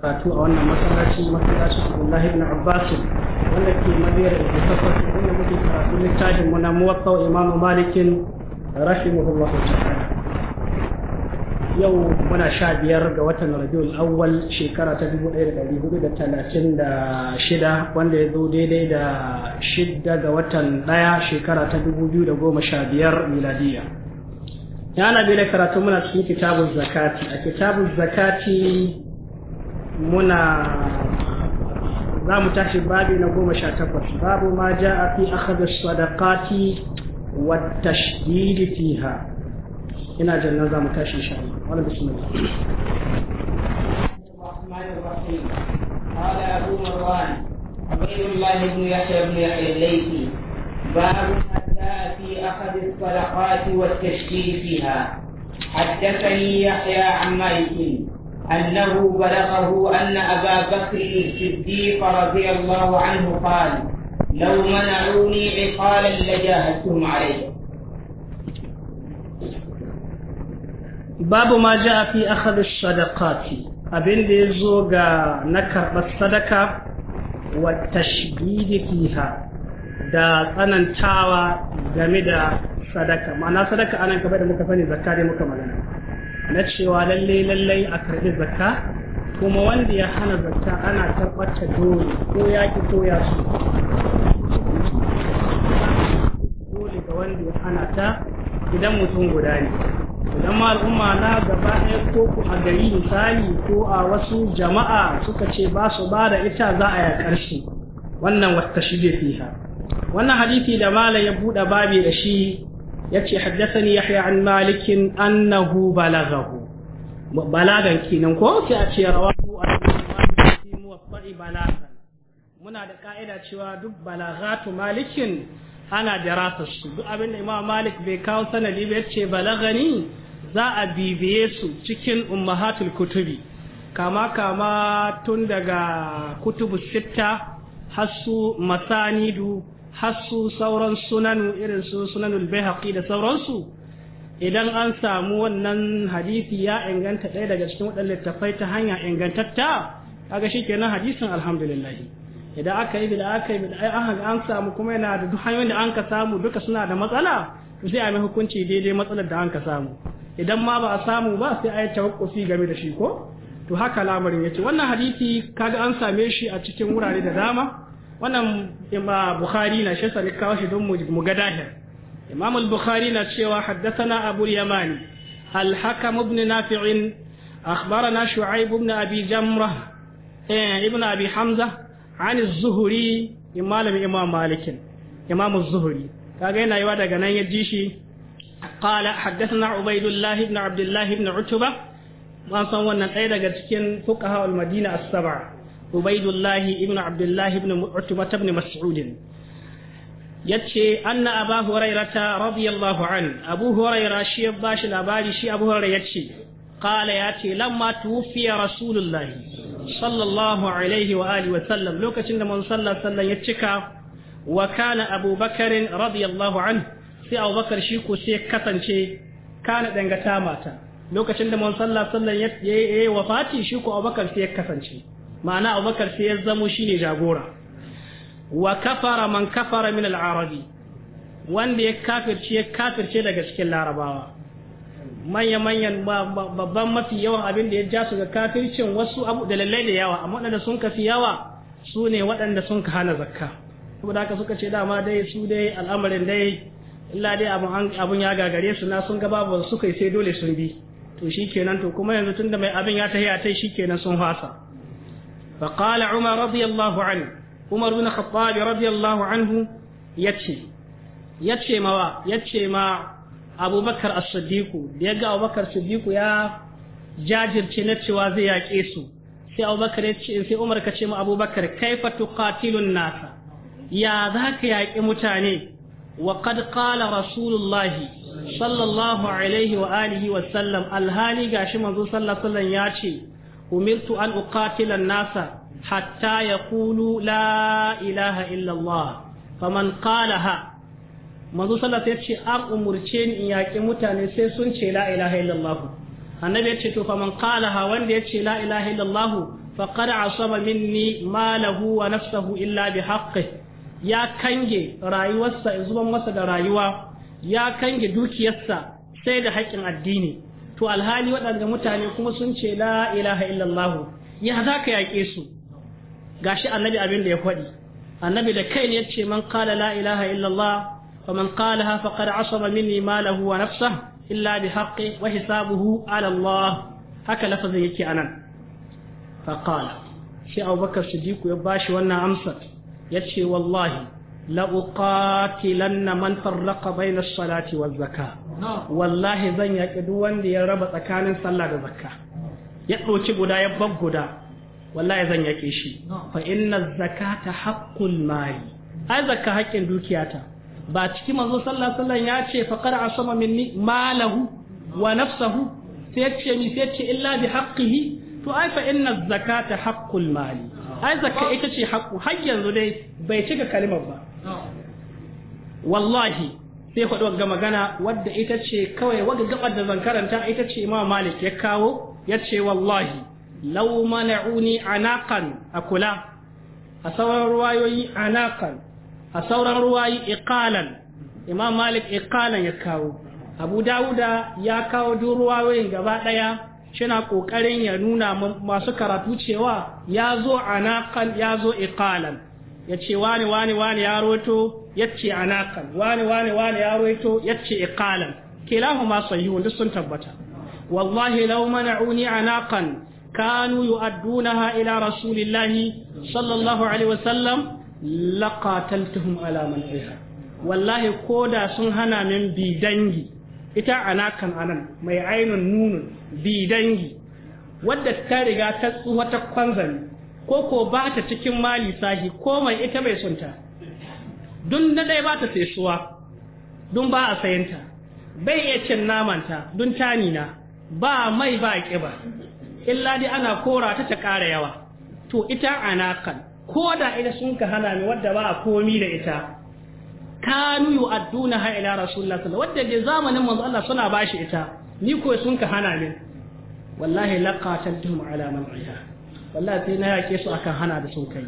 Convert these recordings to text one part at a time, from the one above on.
karatu a wannan masallaci masallacin Abdullahi ibn Abbas wanda ke madiyar da takwas inda muke karatu littafin mu na muwatta Imam Malik rahimahullahu ta'ala yau muna sha biyar ga watan Rabiul Awwal shekara ta 1436 wanda ya zo daidai da shidda ga watan ɗaya shekara ta 2015 miladiya ya na bi da karatu muna cikin kitabun zakati a kitabun zakati muna za mu tashi babi na goma sha takwas babu ma ja a fi akhadha sadaqati wa tashdid fiha ina jannan za mu tashi insha Allah wala bismillah قال أبو مروان عبيد ibn yahya يحيى بن يحيى الليثي باب ما جاء في أخذ الصدقات والتشكيل فيها حدثني يحيى عن مالك أنه بلغه أن أبا بكر الصديق رضي الله عنه قال لو منعوني عقالا لجاهدتهم عليه باب ما جاء في أخذ الصدقات أبين ذي ليزوغا نكر الصدقة والتشديد فيها دا أنا تاوى جميدة صدقة معناها صدقة أنا كبير مكفاني زكاري مكملنا na cewa lallai lallai a karbi zakka kuma wanda ya hana zakka ana tabbata dole ko ya ki ko ya su dole ga wanda ya hana ta idan mutum guda ne idan ma al'umma na gaba ɗaya ko ku a gari misali ko a wasu jama'a suka ce ba su ba da ita za a yi ƙarshe wannan wata shige fiha wannan hadisi da malam ya buɗe babi da shi yace haddathani yahya an malikin annahu balaghahu balagan kinan ko sai a ce rawahu al-bukhari muwatta'i balagan muna da ka'ida cewa duk balagatu malikin ana darasa su duk abin da imam malik bai kawo sanadi ba yace balagani za a bibiye su cikin ummahatul kutubi kama kama tun daga kutubu sitta hasu masanidu hasu sauran sunanu irin su sunanul baihaqi da sauransu idan an samu wannan hadisi ya inganta ɗaya daga cikin waɗannan littafai ta hanya ingantatta kaga shikenan hadisin alhamdulillah idan aka yi da aka yi da an an samu kuma yana da duk hanyoyin da an ka samu duka suna da matsala sai a mai hukunci daidai matsalar da an ka samu idan ma ba a samu ba sai a yi tawakkufi game da shi ko to haka lamarin yace wannan hadisi kaga an same shi a cikin wurare da dama wannan bukhari na shi sa kawo shi don mu ga dahir imam al-bukhari na cewa haddathana abu yamani al-hakam ibn nafi' akhbarana shu'aib ibn abi jamra eh, ibn abi hamza an az-zuhri imam imam malik imam az-zuhri kaga yana yiwa daga nan ya ji shi qala haddathana ubaidullah ibn abdullah ibn utba san wannan ɗaya daga cikin fuqaha al-madina as-sab'a ubaidullahi ibn abdullahi ibn utbata ibn mas'ud yace anna abu hurairata radiyallahu an abu huraira shi ya bashi labari shi abu huraira yace qala yace lamma tufiya rasulullahi sallallahu alaihi wa alihi wa sallam lokacin da manzon sallallahu alaihi ya cika wa kana abubakar radiyallahu an sai abubakar shi ko sai kasance kana dangata mata lokacin da manzon sallallahu alaihi ya wafati shi ko abubakar sai ya kasance ma'ana abubakar sai ya zamo shine jagora wa kafara man kafara min al wanda ya kafirce ya kafirce daga cikin larabawa manya-manyan babban mafi yawan abin da ya ja su ga kafircin wasu abu da lallai da yawa amma waɗanda sun kafi yawa su ne waɗanda sun ka hana zakka saboda haka suka ce dama dai su dai al'amarin dai illa dai abun ya gagare su na sun ga babu suka yi sai dole sun bi to shikenan to kuma yanzu tunda mai abin ya tahi a tai kenan sun fasa فقال عمر رضي الله عنه عمر بن الخطاب رضي الله عنه يتشي يتشي ما يتشي ما أبو بكر الصديق بيقى أبو بكر الصديق يا جاجر sai abubakar ya ce sai umar ka ce ma abubakar kaifa katilun nasa ya za ka yaƙi mutane wa qad qala rasulullah sallallahu alaihi wa wa sallam alhali gashi manzo sallallahu ya ce umirtu an uqatila nasa hatta yaqulu la ilaha illa Allah faman qalaha manzo sallallahu alaihi wasallam ya ce an umurce ni in yaƙi mutane sai sun ce la ilaha illallah annabi ya ce to faman qalaha wanda ya ce la ilaha illallah faqad asaba minni malahu wa nafsahu illa bihaqqi ya kange rayuwarsa zuban masa da rayuwa ya kange dukiyarsa sai da haƙƙin addini to alhali waɗanda mutane kuma sun ce la ilaha illallah ya za ka yaƙe su gashi annabi abin da ya faɗi annabi da kai ne ya ce man qala la ilaha illallah wa man qalaha faqad asama minni malahu wa nafsa illa bi haqqi wa hisabuhu ala Allah haka lafazin yake anan fa qala shi Abubakar Siddiq ya bashi wannan amsar yace wallahi la'uqatilanna man farraqa bayna salati waz zakka wallahi zan yaƙi duk wanda ya raba tsakanin sallah da zakka ya ɗauki guda ya bar guda wallahi zan yake shi fa inna zakata haqqul mali ai zakka haƙƙin dukiyata ba ciki mazo sallah, sallan ya ce fa qara asama minni malahu wa nafsahu sai ya ce mi sai ce illa bi haqqihi to ai fa inna zakata haqqul mali ai zakka ita ce haqqu har yanzu dai bai cika kalimar ba wallahi sai faɗi ga magana wadda ita ce kawai wadda gabar da zan karanta ita ce imam malik ya kawo ya ce wallahi lau mana'uni anaqan akula a sauran ruwayoyi anaqan a sauran ruwayi iqalan imam malik iqalan ya kawo abu dawuda ya kawo duk ruwayoyin gaba ɗaya. shina ƙoƙarin ya nuna masu karatu cewa ya zo anaqan ya zo iqalan ya ce wani wani wani ya roto ya ce anakan wani wani wani ya roto ya ce iqalan kilahu ma sayyihun duk sun tabbata wallahi law mana'uni anaqan kanu yu'addunaha ila rasulillahi sallallahu alaihi wasallam laqataltuhum ala man'iha wallahi koda sun hana min bi dangi ita anakan anan mai ainun nunun bi dangi wadda ta riga ta tsuwa ta kwanzani ko ko ba ta cikin mali sahi ko mai ita mai sunta dun na ɗaya ba ta suwa dun ba a sayanta bai iya cin namanta dun tanina ba mai ba ƙiba illa dai ana kora ta ta ƙara yawa to ita kan ko da ita sun ka hana ni wadda ba a komi da ita kanu adduna ha ila rasulullah sallallahu alaihi wasallam wadda zamanin manzo Allah suna bashi ita ni ko sun ka hana ni wallahi laqatantum ala man wallahi sai na yake su akan hana da sun kai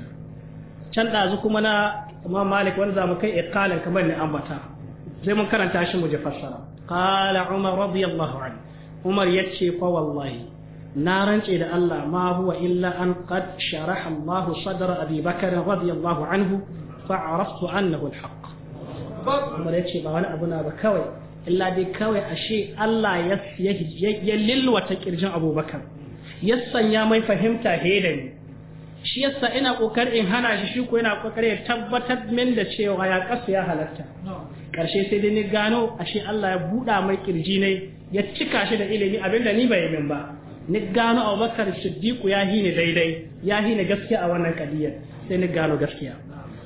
can ɗazu kuma na imam malik wani zamu kai iqalan kamar ni ambata sai mun karanta shi mu je fassara qala umar radiyallahu anhu umar yace fa wallahi na rance da Allah ma huwa illa an qad sharaha Allah sadra Abi Bakar radiyallahu anhu fa araftu annahu al-haqq umar yace ba wani abu na ba kawai illa dai kawai ashe Allah ya ya lilwata kirjin Abubakar yassan ya mai fahimta hedani shi yasa ina kokar in hana shi shi ko yana kokar ya tabbatar min da cewa ya kasu ya halatta karshe sai dai ni gano ashe Allah ya buɗa mai kirji ne ya cika shi da ilimi abinda ni bai min ba ni gano Abubakar Siddiq ya hi daidai ya hi ni gaskiya a wannan kadiyar sai ni gano gaskiya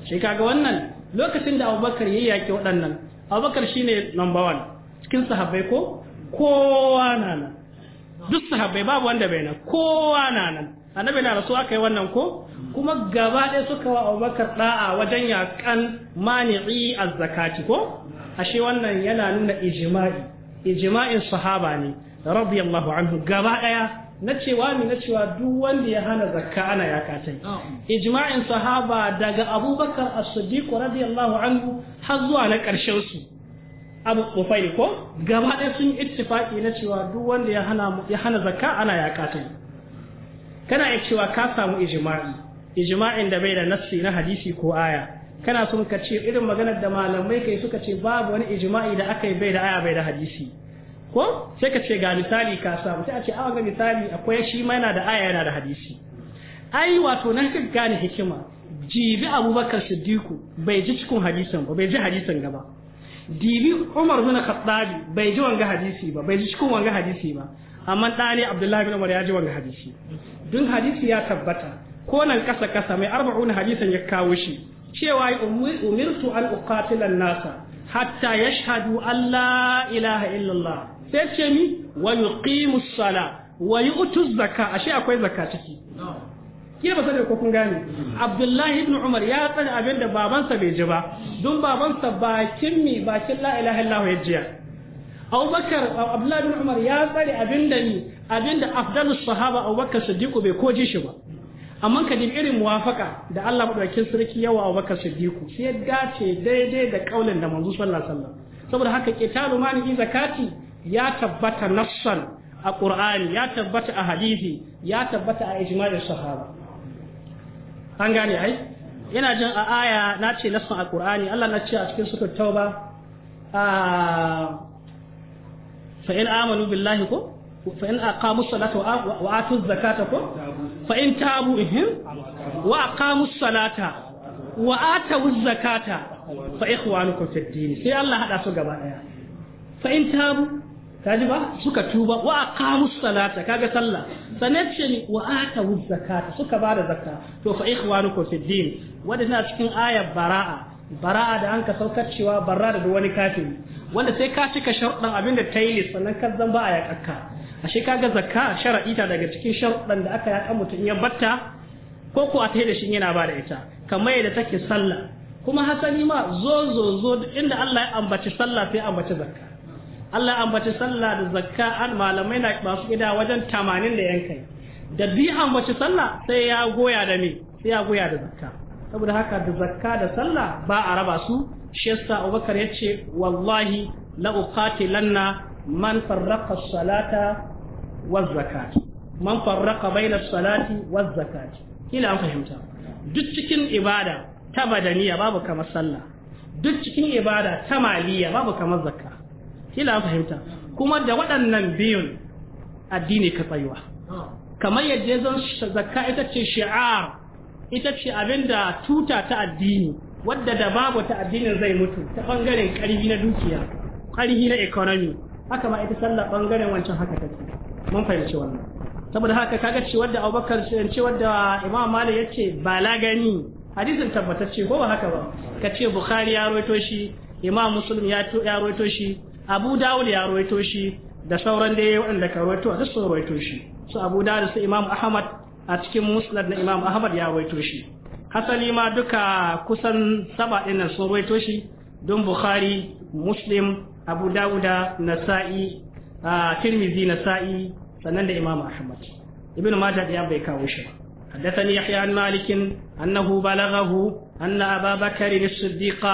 sai kaga wannan lokacin da Abubakar yi yake waɗannan Abubakar shine number 1 cikin sahabbai ko kowa na duk sahabbai babu wanda bai nan kowa na nan annabi na rasuwa aka yi wannan ko kuma gaba ɗaya suka wa abubakar ɗa'a wajen yakan mani'i azzakati ko ashe wannan yana nuna ijma'i ijma'in sahaba ne radiyallahu anhu gaba ɗaya na cewa ne na cewa duk wanda ya hana zakka ana ya katai ijma'in sahaba daga abubakar as-siddiq radiyallahu anhu har zuwa na ƙarshen su abu kufai ko gaba ɗaya sun ittifaqi na cewa duk wanda ya hana ya hana zakka ana ya kana iya cewa ka samu ijma'i ijma'in da bai da nassi na hadisi ko aya kana son ka ce irin maganar da malamai kai suka ce babu wani ijma'i da aka yi bai da aya bai da hadisi ko sai ka ce ga misali ka samu sai a ce awa ga misali akwai shi ma yana da aya yana da hadisi ai wato nan ka gane hikima jibi abubakar siddiku bai ji cikin hadisan ba bai ji hadisan gaba dibi Umar bin Khattabi bai ji wanga hadisi ba bai ji cikin wanga hadisi ba amma ɗani Abdullahi bin Umar ya ji wanga hadisi dun hadisi ya tabbata ko nan kasa kasa mai arba'un hadisan ya kawo shi cewa umirtu an uqatila nasa hatta yashhadu an la ilaha illallah sai ce mi wa yuqimu sala wa yu'tu zakka ashe akwai zakka ciki ke ba sani ko kun gane abdullahi ibn umar ya tsare abin da babansa bai ji ba don babansa bakin mi bakin la ilaha ya jiya abubakar abdullahi ibn umar ya tsare abin da ni abin da sahaba abubakar siddiqu bai koji shi ba amma ka dibi irin muwafaka da Allah madaukakin sarki yawa abubakar siddiqu sai ya dace daidai da kaulin da manzo sallallahu alaihi wasallam saboda haka qitalu mani zakati ya tabbata nassan a qur'ani ya tabbata a hadisi ya tabbata a ijma'in sahaba an gane ai ina jin a aya na ce nasan alqur'ani Allah na ce a cikin sura tauba a fa in amanu billahi ko fa in aqamu salata wa atu zakata ko fa in tabu ihim wa aqamu salata wa atu zakata fa ikhwanukum fid din sai Allah hada su gaba daya fa in tabu kaji ba suka tuba wa aqamu salata kaga sallah sannan ce ni wa atu zakata suka bada zakka to fa ikhwanukum fi din na cikin aya bara'a bara'a da an ka saukar cewa barra da wani kafin wanda sai ka cika sharɗan abin da ta yi sannan ka zan ba a yaƙakka ashe kaga zakka shara'i ta daga cikin sharɗan da aka yaƙa mutum ya batta ko ko a taida da shi yana ba da ita kamar yadda take sallah kuma hasali ma zo zo zo inda Allah ya ambaci sallah sai ambaci zakka Allah ambaci sallah da zakka an malamai na masu gida wajen tamanin da yan kai da bi ambaci sallah sai ya goya da me sai ya goya da zakka saboda haka da zakka da sallah ba a raba su shi yasa Abubakar yace wallahi la uqatilanna man farraqa salata waz zakat man farraqa bayna salati waz zakat kila an fahimta duk cikin ibada ta badaniya babu kamar sallah duk cikin ibada ta maliya babu kamar zakka kila fahimta kuma da waɗannan biyun addini ka tsayuwa kamar yadda zan zakka ita ce shi'ar ita ce abinda tuta ta addini wadda da babu ta addinin zai mutu ta bangaren ƙarfi na dukiya ƙarfi na economy haka ma ita sallah bangaren wancan haka take mun fahimci wannan saboda haka kaga ce wadda Abubakar ce wadda Imam Malik yace ba la gani hadisin tabbatacce ko ba haka ba kace Bukhari ya roito shi Imam Muslim ya to shi abu dawud ya rawaito shi da sauran dai waɗanda ka rawaito a duk sun rawaito shi su abu dawud su imam ahmad a cikin musnad na imam ahmad ya rawaito shi hasali ma duka kusan saba ɗin nan sun rawaito shi don bukhari muslim abu na nasa'i a tirmizi nasa'i sannan da imam ahmad ibn majah ya bai kawo shi حدثني يحيى عن مالك أنه بلغه أن أبا بكر الصديق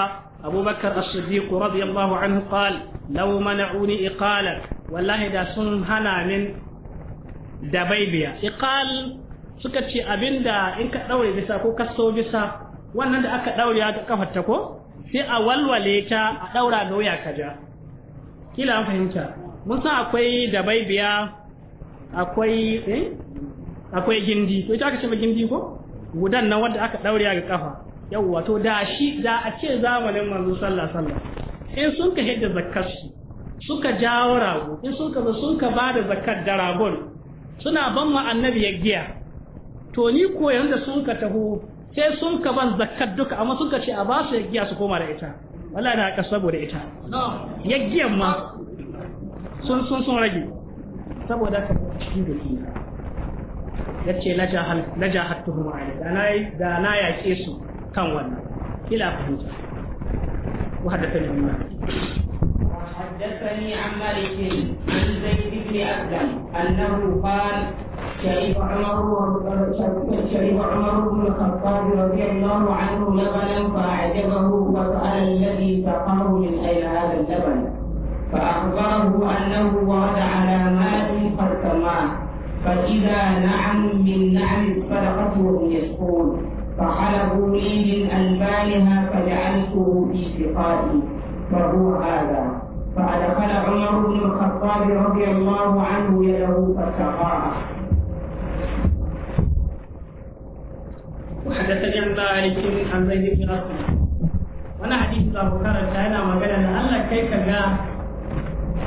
أبو بكر الصديق رضي الله عنه قال law mana'uni iqalan wallahi da sun hana min da baibiya iqal suka ce abinda in ka daure bisa ko ka so bisa wannan da aka daure ga kafar ta ko sai a walwale ta a daura ga wuya kaja kila an fahimta mun san akwai da baibiya akwai eh akwai gindi to ita aka ce gindi ko gudan nan wanda aka daure ga kafa yawwa to da shi da a ce zamanin manzo sallallahu alaihi wasallam in sun ka hidda zakarsu suka jawo rago in sun ka sun ka ba da zakar da ragon suna ban ma annabi ya giya to ni ko yanda sun ka taho sai sun ka ban zakar duka amma sun ka ce a ba su ya giya su koma da ita wala na ka saboda ita ya giya ma sun sun sun rage saboda ka cikin da shi ya ce na jahar tuhuma da na yaƙe su kan wannan ila fahimta وحدثني عن مالك حدثني عن مالك عن زيد بن اسلم انه قال شرب عمر شرب عمر بن الخطاب رضي الله عنه لبنا فاعجبه فسال الذي سقاه من اين هذا اللبن فاخبره انه ورد على ماء قد سماه فاذا نعم من نعم صدقته يشكون فحلبوا لي من ألبانها فجعلته في سقائي فهو هذا فأدخل عمر بن الخطاب رضي الله عنه يده فسقاه وحدثني عن مالك عن زيد بن أسلم وانا حديث ابو بكر كان ما قال ان الله كيف جاء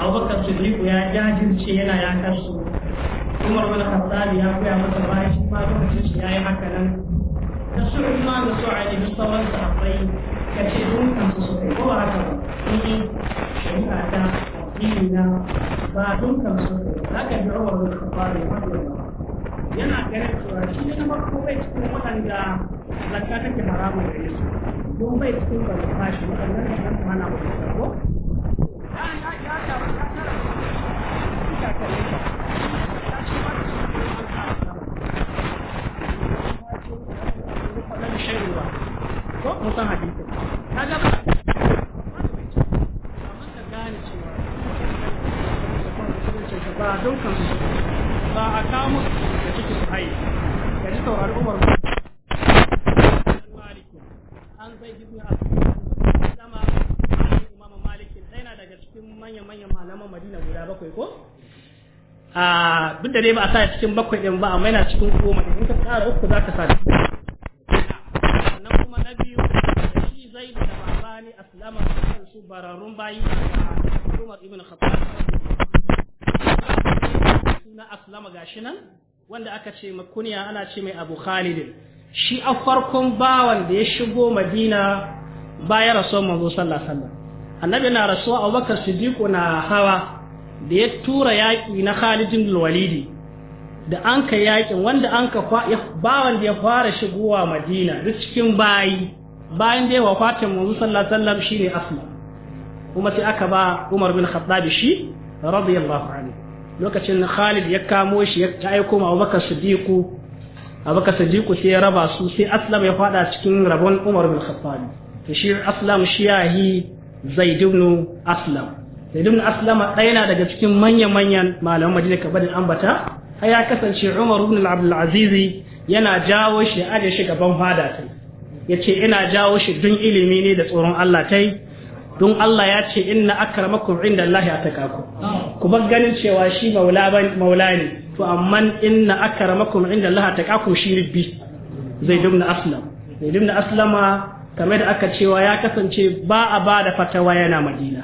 ابو بكر الصديق يا جاهل شيء انا يا كرسو عمر بن الخطاب يا اخي يا مصر ما يشوف ما يشوف شيء يا حكى لنا da su Usman da su a da sauran sahabbai ka ce sun kan su sai ko haka shari'a ta yi na ba sun kan su kai da Umar bin Khattab ya faɗa yana ganin cewa shi ne na farko bai cikin waɗanda zakka take haramun da su don bai cikin ba ta shi waɗannan da kan mana ba da ko ya ya ya ta ta ta ta ta ta ta ta ta ko musan hadisi kaga ba ka gane cewa ba su ba a kamu da ciki su haye ka ji umar an zai gizo a malikin na daga cikin manya-manyan malaman madina guda bakwai ko a ah, duk da dai ba a sa cikin bakwai ba amma yana cikin goma in ka uku za ka sa bararrun bayi Umar ibn Khattab suna aslama gashi nan wanda aka ce makunya ana ce mai Abu Khalid shi a farkon bawan da ya shigo Madina bayan rasuwar manzo sallallahu alaihi wasallam annabi na rasuwa Abubakar Siddiq na hawa da ya tura yaƙi na Khalid bin Walidi da an ka yaƙin wanda an ka bawan da ya fara shigowa Madina duk cikin bayi bayan da ya wafatin manzo sallallahu alaihi wasallam shine Asma kuma sai aka ba Umar bin Khattab shi radiyallahu anhu lokacin Khalid ya kamo shi ya ta aiko ma Abubakar Siddiq Abubakar Siddiq sai ya raba su sai Aslam ya fada cikin rabon Umar bin Khattab to shi Aslam shi yahi Zaid ibn Aslam Zaid ibn Aslam ɗaya na daga cikin manyan manyan malaman Madina kabarin ambata har ya kasance Umar ibn Abdul Aziz yana jawo shi aje shi gaban fada tai yace ina jawo shi dun ilimi ne da tsoron Allah tai don Allah ya ce inna akramakum inda Allah ya taka ku ku bar ganin cewa shi maula maula ne to amma inna akramakum inda Allah ya taka ku shi ribbi zai dumna aslam zai dumna aslama kamar da aka cewa ya kasance ba a ba da fatawa yana madina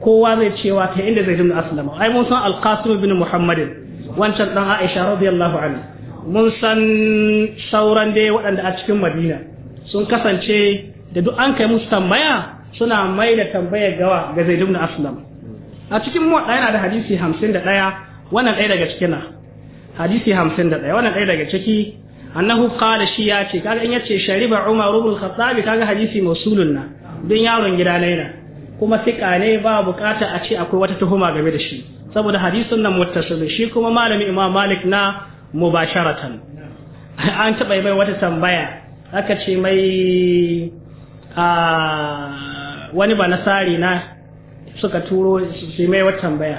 kowa zai cewa ta inda zai dumna aslama ai mun san alqasim ibn muhammadin wancan dan aisha radiyallahu anhu mun san sauran dai waɗanda a cikin madina sun kasance da duk an kai musu tambaya suna mai da tambayar gawa ga zaid ibn aslam a cikin mu yana da hadisi 51 wannan ɗaya daga cikin hadisi 51 wannan ɗaya daga ciki annahu qala shi ya ce kaga in yace shariba umar ibn khattab kaga hadisi mausulun na don yaron gida ne kuma sika ne ba bukata a ce akwai wata tuhuma game da shi saboda hadisin nan muttasil shi kuma malami imam malik na mubasharatan an taba mai wata tambaya aka ce mai a ah, wani ba nasari na suka turo su mai wata tambaya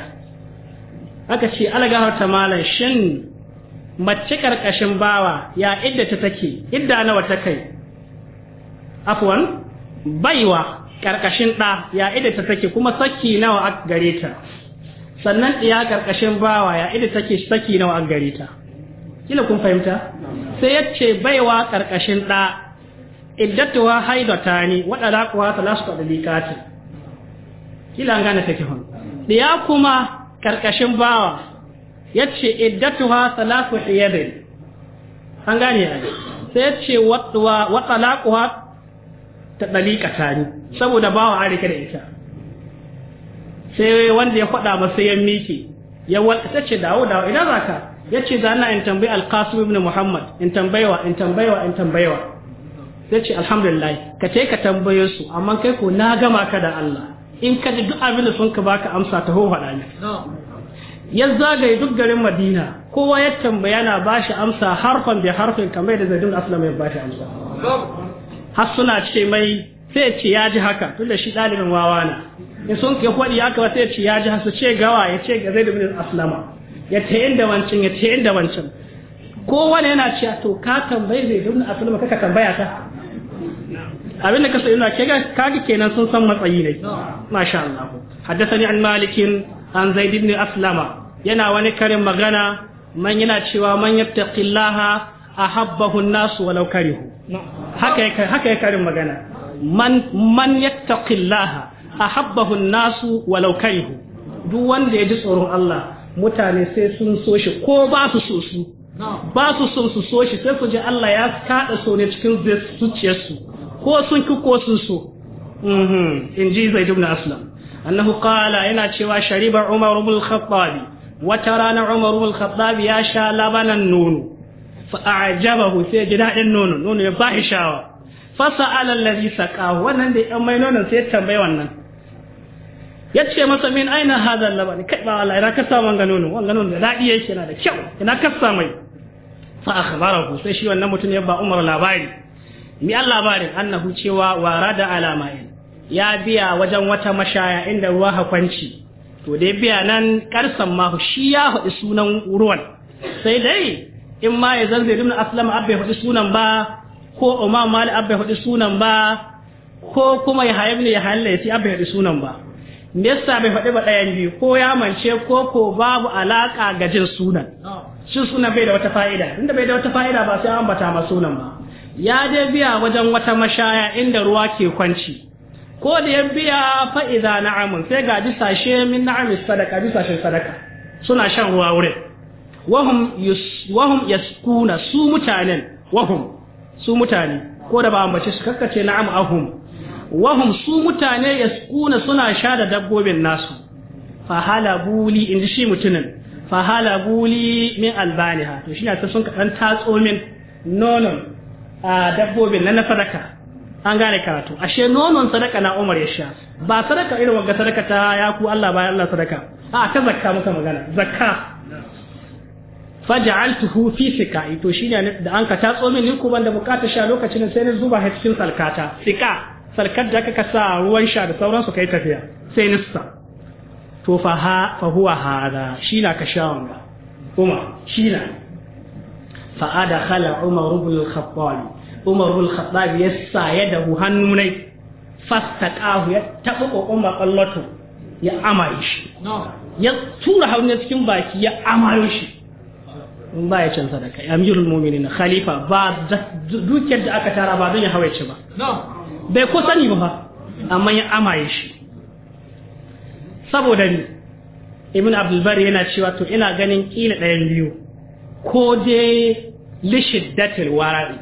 aka ce algahar ta malam shin mace karkashin bawa ya idda ta take idda nawa ta kai afwan baiwa karkashin ɗa ya idda ta take kuma saki nawa a gare ta sannan ɗiya karkashin bawa ya idda take saki nawa a gare ta kila kun fahimta sai ya ce baiwa karkashin ɗa iddatuwa haidata ne waɗanda kuwa talasu da bikati kila gane take hun diya kuma karkashin bawa yace iddatuha salatu hiyadin an gane ai sai yace wa wa talaquha ta dalikata ne saboda bawa a rike da ita sai wanda ya faɗa ba sai ya miki ya wata ce dawo dawo ina zaka yace zana in tambayi alqasim ibn muhammad in tambayewa in tambayewa in tambayewa sai ce alhamdulillah ka ce ka tambaye su amma kai ko na gama ka da Allah in ka ji duk abin da sun ka baka amsa ta ho faɗa ne ya zagaye duk garin Madina kowa ya tambaya na bashi amsa harfan bi harfin kamar da Zaidun aslama ya bashi amsa har suna ce mai sai ce ya ji haka da shi dalibin wawa ne, in sun ka faɗi haka sai ce ya ji su ce gawa ya ce ga Zaidun Aslama ya ta inda wancan ya ta inda wancan kowane yana cewa to ka tambaye zai a aslama kaka tambaya ta abinda ka sai yana kega kaga kenan sun san matsayi ne masha Allah haddathani an malikin an zaid ibn aslama yana wani karin magana man yana cewa man yattaqillaha ahabbahu an-nas walau karihu haka yake haka yake karin magana man man yattaqillaha ahabbahu an-nas walau karihu duk wanda ya ji tsoron Allah mutane sai sun so shi ko ba su so su ba su son su so shi sai su ji Allah ya kada so ne cikin zuciyarsu ko sun ki ko sun so mhm, in ji zai dubna aslam annahu qala yana cewa shariba umar ibn al-khattab wata rana umar ibn al-khattab ya sha labanan nono fa a'jabahu sai ji dadin nono nono ya bashi shawa fa sa'ala alladhi saqa wannan da yan mai nonon sai tambaye wannan Ya ce masa min aina hadha laban kai ba Allah ina ka samu ga nono wannan nono da dadi yake yana da kyau ina ka samu fa akhbarahu sai shi wannan mutum ya ba Umar labari mi Allah labarin annahu cewa warada alama'in ya biya wajen wata mashaya inda ruwa hakwanci to dai biya nan karsan ma shi ya faɗi sunan ruwan sai dai in ma ya zanzai ibn aslam abba ya sunan ba ko umar mali abba ya sunan ba ko kuma ya hayab ya halle abba sunan ba me yasa bai faɗi ba ɗayan biyu ko ya mance ko ko babu alaka ga jin sunan shi suna bai da wata fa'ida inda bai da wata fa'ida ba sai an bata ma sunan ba ya dai biya wajen wata mashaya inda ruwa ke kwanci ko da ya biya fa'iza na'amun sai ga disashe min na'amin sadaka disashen sadaka suna shan ruwa wurin wahum wahum yaskuna su mutanen wahum su mutane ko da ba ambace su kakkace na'am ahum wahum su mutane yaskuna suna sha da dabbobin nasu fa buli in inji shi mutunin. fa guli min albaniha to shi ta sun kaɗan tatso nonon a dabbobin na na sadaka an gane karatu ashe nonon sadaka na Umar ya sha ba sadaka irin wanga sadaka ta ya ku Allah bayan Allah sadaka a ta zakka muka magana zakka faj'altuhu fi sikai to shine da an ka tatso min ku ban da bukata sha lokacin sai ni zuba cikin salkata sika salkar da aka sa ruwan sha da sauransu kai tafiya sai nissa to fa ha hada shi na ka sha wanga umar shi na fa'ada adakhala umar ibn al-khattab umar ibn al-khattab yassa yadahu hannu ne fastaqahu ya tabu kokon bakallatu ya amaye shi ya tura hannun cikin baki ya amare shi in ba ya can sadaka amirul mu'minin khalifa ba dukiyar da aka tara ba don ya hawaice ba bai ko sani ba amma ya amaye shi saboda ni ibn abdulbar yana cewa to ina ganin kila ɗayan biyu ko dai lishiddatil wara'i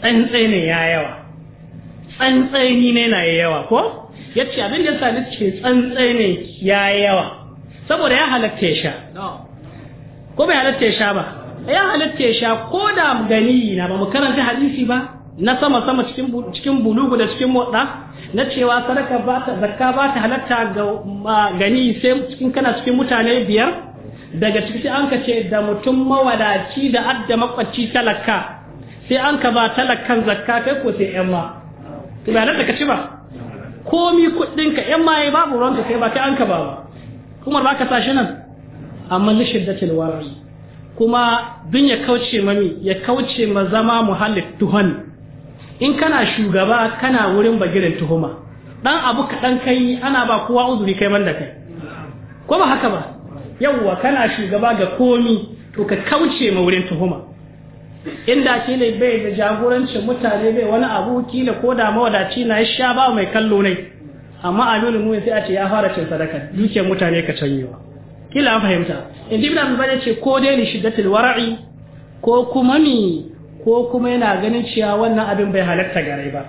tsantsai ne ya yawa tsantsai ni ne na yawa ko yace abin da yasa ce tsantsai ne ya yawa saboda ya halatta ya sha ko bai halatta ya sha ba ya halatta ya sha ko da gani na ba mu karanta hadisi ba na sama sama cikin cikin bulugu da cikin motsa na cewa sadaka ba ta zakka ba ta halatta ga gani sai cikin kana cikin mutane biyar daga ciki an ka ce da mutum mawalaci da adda makwacci talaka sai an ka ba talakan zakka kai ko sai yan ma to ba da ka ci ba komi kuɗin ka yan ma babu ruwan kai ba kai an ka ba ba kuma ba ka sashi nan amma li shiddatil warri kuma dun ya kauce mami ya kauce ma zama muhallif tuhan in kana shugaba kana wurin bagiren tuhuma dan abu kaɗan kai ana ba kowa uzuri kai man da kai ko ba haka ba yawwa kana shugaba ga komi to ka kauce ma wurin tuhuma inda ke ne bai da jagorancin mutane bai wani abu kila ko da mawadaci na ya sha ba mai kallo ne amma aminu mu sai a ce ya fara cin sadaka dukiyar mutane ka canyewa kila an fahimta in dibna mu ce ko dai ni shiddatul wara'i ko kuma ni ko kuma yana ganin cewa wannan abin bai halatta gare ba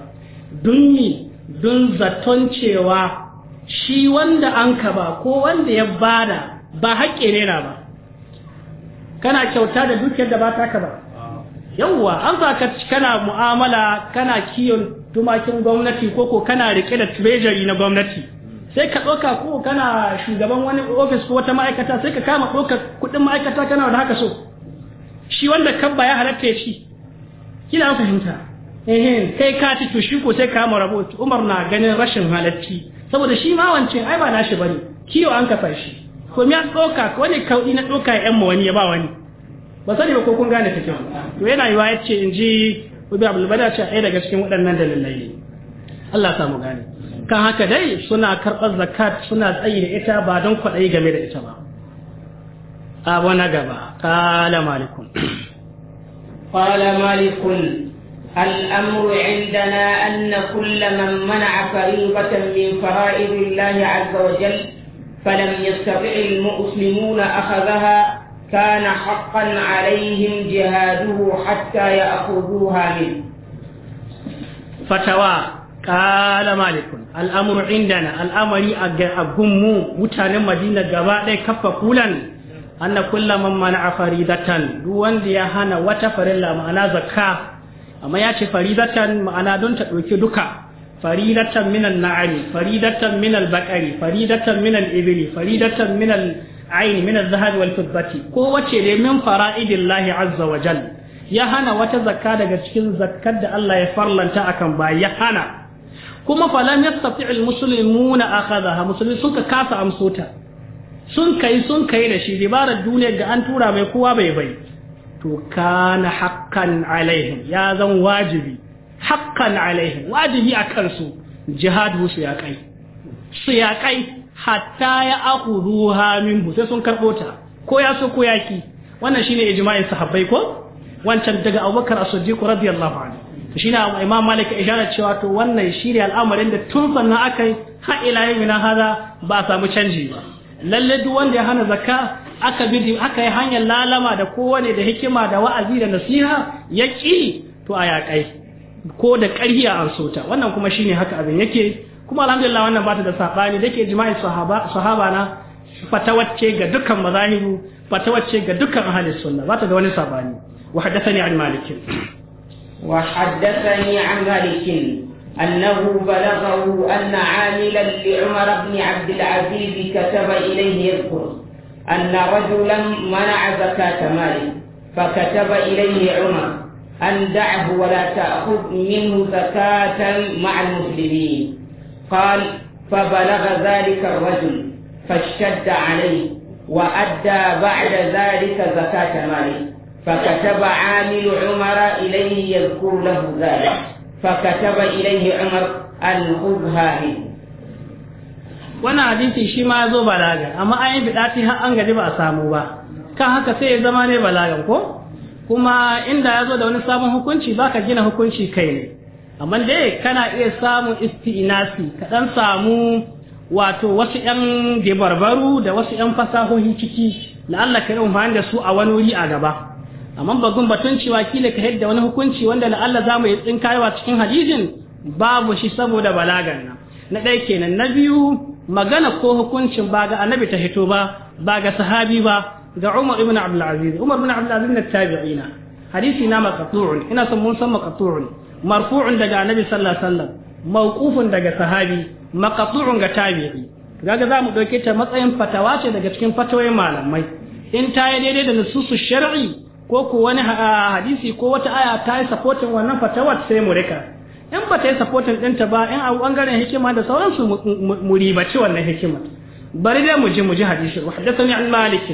don yi zaton cewa shi wanda an ka ba ko wanda ya bada ba haƙƙe ne na ba kana kyauta da dukiyar da ba ta ka ba yawwa an za ka kana mu'amala kana kiyon tumakin gwamnati ko ko kana riƙe da treasury na gwamnati sai ka ɗauka ko kana shugaban wani ofis ko wata ma'aikata sai ka kama ɗaukar kuɗin ma'aikata kana da haka so shi wanda kabba ya halatta ya ci Kina an fahimta eh kai ka ci to shi ko sai ka mu Umar na ganin rashin halacci saboda shi ma wance ai ba nashi bane kiyo an kafa shi ko an doka ko ne kaudi na doka yan mu wani ya ba wani ba sani ba ko kun gane cikin to yana yiwa yace in ji Ubi Abdul Bada ce ai daga cikin waɗannan dalilai ne Allah samu gane kan haka dai suna karɓar zakat suna tsayi da ita ba don kwaɗayi game da ita ba a wani gaba kala malikun قال مالك الأمر عندنا أن كل من منع فريضة من فرائض الله عز وجل فلم يستطع المسلمون أخذها كان حقا عليهم جهاده حتى يأخذوها منه فتوى قال مالك الأمر عندنا الأمر أقم متانا مدينة جباء كف كولا anna kulla man mana'a faridatan duk wanda ya hana wata farilla ma'ana zakka amma ya ce faridatan ma'ana don ta ɗauki duka faridatan minal na'ari faridatan minal bakari faridatan minal ibli faridatan minal ayn minal zahabi wal fiddati ko wace ne min fara'idillahi azza wa ya hana wata zakka daga cikin zakkar da Allah ya farlanta akan ba ya hana kuma falam yastati'il muslimuna akhadha musulmi suka kasa amsota sun kai sun kai da shi dibarar duniyar da an tura mai kowa bai bai to kana haqqan alaihim ya zan wajibi haqqan alaihim wajibi a kansu jihad su ya kai su ya kai hatta ya akhuduha bu sai sun karbo ta ko ya so ko yaki wannan shine ijma'in sahabbai ko wancan daga Abubakar As-Siddiq radiyallahu anhu shine Imam Malik ishara cewa to wannan shine al'amarin da tun sannan akai ha ila yau na hada ba samu canji ba lalle duk wanda ya hana zakka aka bi aka yi hanyar lalama da kowane da hikima da wa'azi da nasiha ya ki to a yaƙai ko da ƙarhi a ansota wannan kuma shine haka abin yake kuma alhamdulillah wannan bata da sabani dake jima'i sahaba sahaba na fatawacce ga dukkan mazahibu fatawacce ga dukkan ahli sunna bata da wani sabani wa haddathani an malikin wa haddathani an malikin أنه بلغه أن عاملا لعمر بن عبد العزيز كتب إليه يذكر أن رجلا منع زكاة ماله فكتب إليه عمر أن دعه ولا تأخذ منه زكاة مع المسلمين قال فبلغ ذلك الرجل فاشتد عليه وأدى بعد ذلك زكاة ماله فكتب عامل عمر إليه يذكر له ذلك فكتب إليه عمر الخذها منه wannan hadisi shi ma ya zo balaga amma an yi bidati har an gaji ba a samu ba kan haka sai ya zama ne balagan ko kuma inda ya zo da wani sabon hukunci baka gina hukunci kai ne amma dai kana iya samun isti'inasi ka dan samu wato wasu yan debarbaru da wasu yan fasahohi ciki na Allah ka yi da su a wani wuri a gaba amma bagun batun cewa kila ka yadda wani hukunci wanda Allah za mu yi tsinkayewa cikin hadisin babu shi saboda balagan nan na ɗaya kenan na biyu magana ko hukuncin ba ga annabi ta hito ba ba ga sahabi ba ga umar ibn abdulaziz umar ibn abdulaziz na tabi'ina hadisi na maqtu'un ina son mun san maqtu'un marfu'un daga annabi sallallahu alaihi wasallam mawqufun daga sahabi maqtu'un ga tabi'i kaga za mu ɗauke ta matsayin fatawa ce daga cikin fatawoyin malamai in ta yi daidai da nususu shar'i ko ko wani ah, hadisi ko wata aya ta yi supporting wannan fatawar sai mu rika in ba ta yi supporting ɗinta ba in a bangaren hikima da sauransu mu ribaci wannan hikima bari dai mu ji mu ji hadisi wa haddathani an malik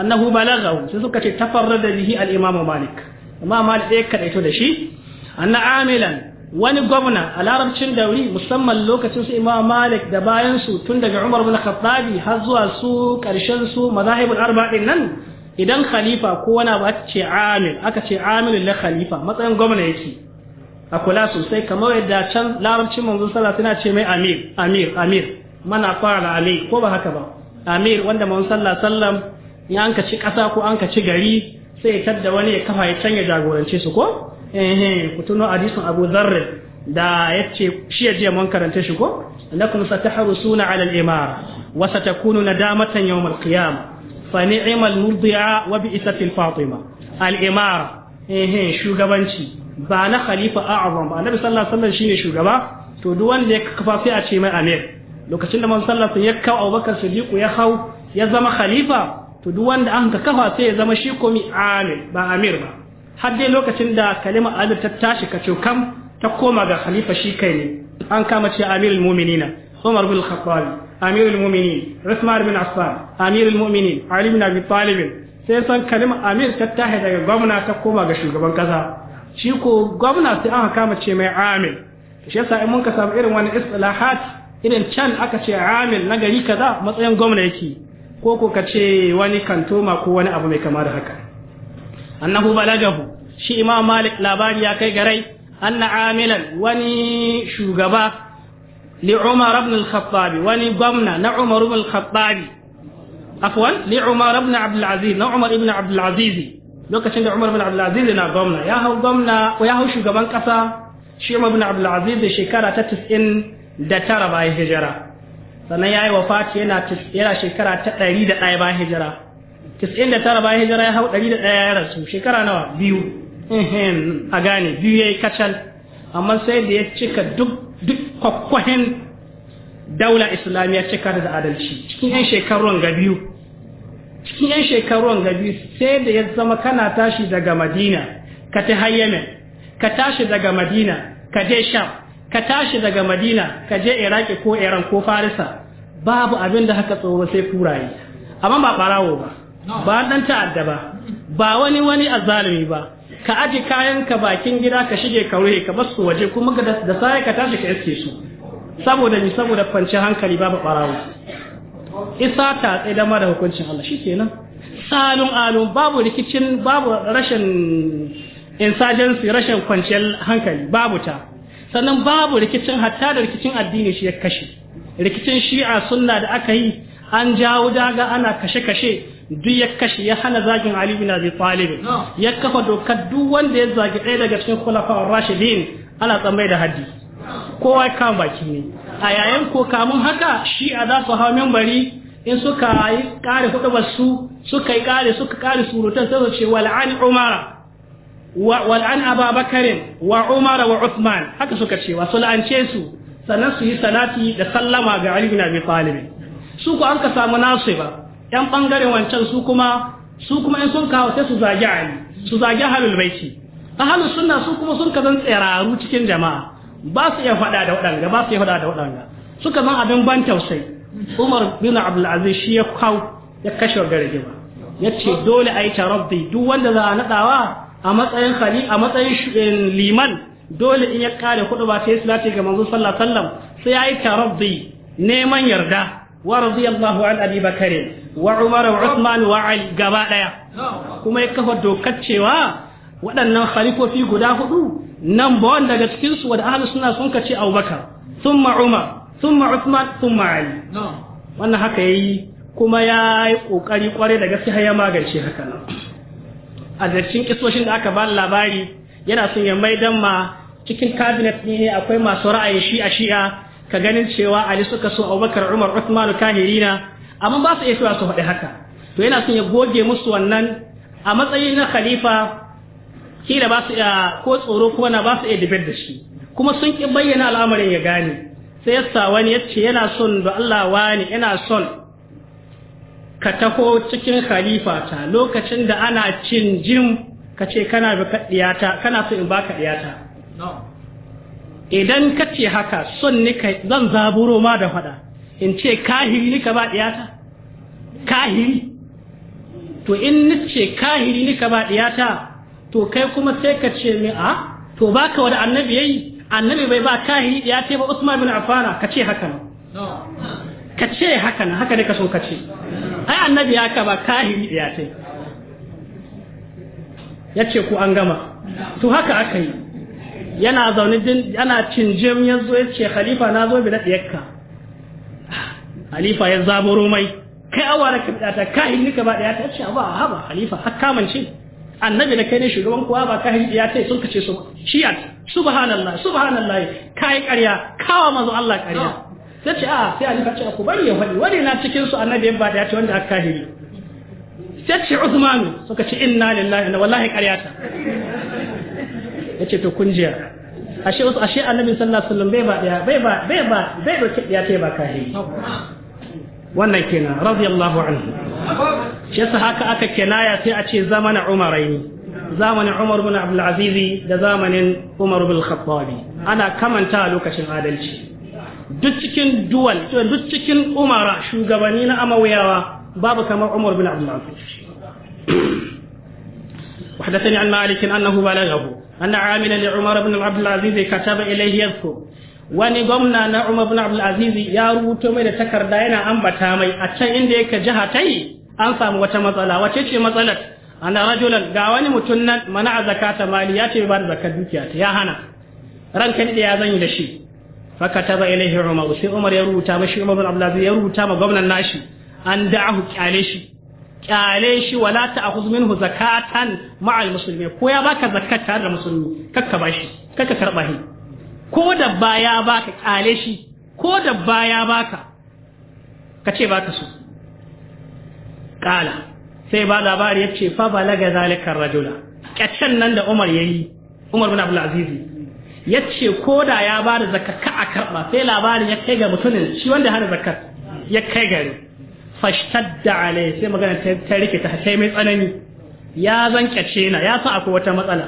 annahu balaghahu sai suka ce tafarrada bihi al imam malik amma malik dai kadaito da shi anna amilan wani gwamna a larabcin dauri musamman lokacin su imam malik da bayan su tun daga umar bin khattabi har zuwa su karshen su mazahibul arba'in nan idan khalifa ko wani abu aka ce amil aka ce amil la khalifa matsayin gwamna yake a kula sosai kamar yadda can larabcin manzo sallah suna ce mai amir amir amir mana fara da ko ba haka ba amir wanda manzo sallah sallam ya anka ci kasa ko anka ci gari sai ya tadda wani ya kafa ya can ya jagorance su ko eh ku tuno hadisin Abu Dharr da yace shi ya mun karanta shi ko lakum satahrusuna ala al-imara wa satakunu nadamatan yawm al-qiyamah فنعم المرضعة وبئست الفاطمة الإمارة إيه shugabanci ba na khalifa a'azam ba annabi sallallahu alaihi shine shugaba to duk wanda ya kafa sai a ce mai amir lokacin da man sallallahu ya kawo Abubakar Siddiq ya hau ya zama khalifa to duk wanda an ka kafa sai ya zama shi komi amir ba amir ba har dai lokacin da kalima amir ta tashi ka kam ta koma ga khalifa shi kai ne an kama ce amirul mu'minina Umar bin Khattab amirul mu'minin Usman bin Affan amirul mu'minin Ali bin Abi Talib sai san kalima amir ta tahe daga gwamna ta koma ga shugaban kasa shi ko gwamna sai aka kama ce mai amil shi yasa in mun ka samu irin wani istilahat irin can aka ce amil na gari kaza matsayin gwamna yake ko ko ka ce wani kantoma ko wani abu mai kama da haka annahu balagahu shi imam malik labari ya kai garai anna amilan wani shugaba li Umar ibn al wani gwamna na Umar ibn al-Khattab afwan li Umar na Umar ibn Abdul lokacin da Umar ibn Abdul na gwamna ya hau shugaban kasa shi shekara ta 90 da tara bayan hijira sannan yayi wafati yana yana shekara ta 101 bayan hijira 99 bayan hijira ya hau 101 ya rasu shekara nawa biyu a gane biyu yayi kacal amma sai da ya cika duk duk kwakwahin daula islamiyya cika da adalci cikin yan shekaruwan ga biyu cikin yan shekaruwan ga biyu sai da ya zama kana tashi daga madina ka ta hayyamin ka tashi daga madina ka je sham ka tashi daga madina ka je iraki ko iran ko farisa babu abin da haka tsoro sai kuraye amma ba farawo ba ba dan ta'adda ba ba wani wani azalimi ba ka aje kayan ka bakin gida ka shige ka ruhe ka basu waje kuma da sai ka tashi ka iske su saboda ni saboda kwanciyar hankali babu barawo isa ta tsaye dama da hukuncin Allah shikenan salun alu babu rikicin babu rashin insurgency rashin kwanciyar hankali babu ta sannan babu rikicin hatta da rikicin addini shi ya kashe rikicin shi'a sunna da aka yi an jawo daga ana kashe-kashe duk ya kashe ya hana zagin Ali bin Abi Talib ya kafa dokar duk wanda ya zagi ɗaya daga cikin khulafa'ur rashidin ana tsammai da haddi kowa ya kama baki ne a yayin ko kamun haka shi a za su hau minbari in suka yi kare hudubar su suka yi kare suka kare surutan sai su ce wal'an umara wal'an ababakarin wa Umar wa uthman haka suka ce wa la'ance su sannan su yi salati da sallama ga Ali bin Abi Talib su ko an ka samu nasu ba yan bangaren wancan su kuma su kuma in sun kawo sai su zagi ali su zagi ahlul baiti ahlus sunna su kuma sun zan tsiraru cikin jama'a ba su iya faɗa da waɗanga ba su iya faɗa da waɗanga suka zan abin ban tausayi Umar bin Abdul Aziz shi ya kawo ya kashe gargima ya ce dole a yi tarabbi duk wanda za a naɗawa a matsayin khali a matsayin eh, liman dole in ya kare kuɗi ba sai yi salati ga manzon sallallahu alaihi wasallam sai ya yi tarabbi neman yarda wa radiyallahu an abi bakr wa umar wa usman wa ali gaba daya kuma ya kafa dokar cewa waɗannan khalifofi guda hudu nan ba wanda daga cikin su wanda ahlus sunna sun kace abubakar thumma umar thumma usman thumma ali wannan haka yayi kuma ya yi kokari kware da gaskiya ya magance haka nan a cikin kisoshin da aka ba labari yana son ya maidan ma cikin cabinet ne akwai masu ra'ayin shi'a shi'a ka ganin cewa ali suka so abubakar umar usman kahirina amma ba su iya cewa su faɗi haka to yana son ya goge musu wannan a matsayin na khalifa kila ba su iya ko tsoro kuma na ba su iya dabar da shi kuma sun ki bayyana al'amarin ya gane sai ya sa wani ya ce yana son da Allah wani yana son ka taho cikin khalifa ta lokacin da ana cin jin ka ce kana bi kana so in baka diyata idan ka ce haka son nika zan zaburo ma da fada in ce kahiri nika ba ɗiyata kahiri to in ni ce kahiri nika ba ɗiyata to kai kuma sai ka ce mi a ah, to ba ka wada annabi yayi annabi bai ba kahiri diyata ba usman bin Afana? ka ce haka ka ce haka na haka ne ka so ka ce ai annabi ya ka ba kahiri diyata. ya ce ku an gama to haka aka yi yana zaune din ana cinjim ya zo ya ce khalifa na zo bi da khalifa ya zaburo mai kai awa da ka bidata ka hinni ka ba ɗaya ta ce ba ha ba khalifa har kamance annabi da kai ne shugaban kuwa ba ka hinni ya ce sun kace su shiyat subhanallah subhanallah kai ƙarya kawa manzo Allah ƙarya ah, sai ce a sai ali ka ce ku bari ya faɗi wani na cikin su annabi ba ɗaya ce wanda aka hinni sai ce Uthman suka ce inna lillahi wallahi ƙarya ta yace to kun jiya ashe wasu ashe annabi sallallahu alaihi wasallam bai ba daya bai ba bai ba bai ba ki ya ce ba kai wannan kenan radiyallahu anhu shi yasa haka aka kenaya sai a ce zamanin umaraini zamanin umar bin abdul aziz da zamanin umar bin khattabi ana kamanta lokacin adalci duk cikin duwal duk cikin umara shugabanni na amawiyawa babu kamar umar bin abdul aziz وحدثني عن مالك أنه بلغه أن عاملا لعمر بن عبد العزيز كتب إليه يذكر wani gwamna na Umar bin Abdul ya rubuto mai da takarda yana ambata mai a can inda yake jiha ta yi an samu wata matsala wace ce matsalar ana rajulan ga wani mutum nan mana a zakata mali ya ce ba da dukiya ta ya hana ranka ne ya zanyi da shi fa kataba ilaihi Umar sai Umar ya rubuta mashi Umar bin Abdul ya rubuta ma gwamnan nashi an da'ahu kyale shi kyale shi wala ta'khudh hu zakatan ma'al musulmi ko ya baka zakat tare da musulmi kakka bashi kakka karba shi ko da baya baka kyale shi ko da baya baka kace baka so kala sai ba labari ce fa ba laga zalikar rajula kyacen nan da Umar ya yi, Umar bin Abdul ya ce ko da ya bada ka a karba sai labarin ya kai ga mutumin shi wanda hana zakat ya kai gari fashtadda alai sai magana ta rike ta sai mai tsanani ya zankace na ya san akwai wata matsala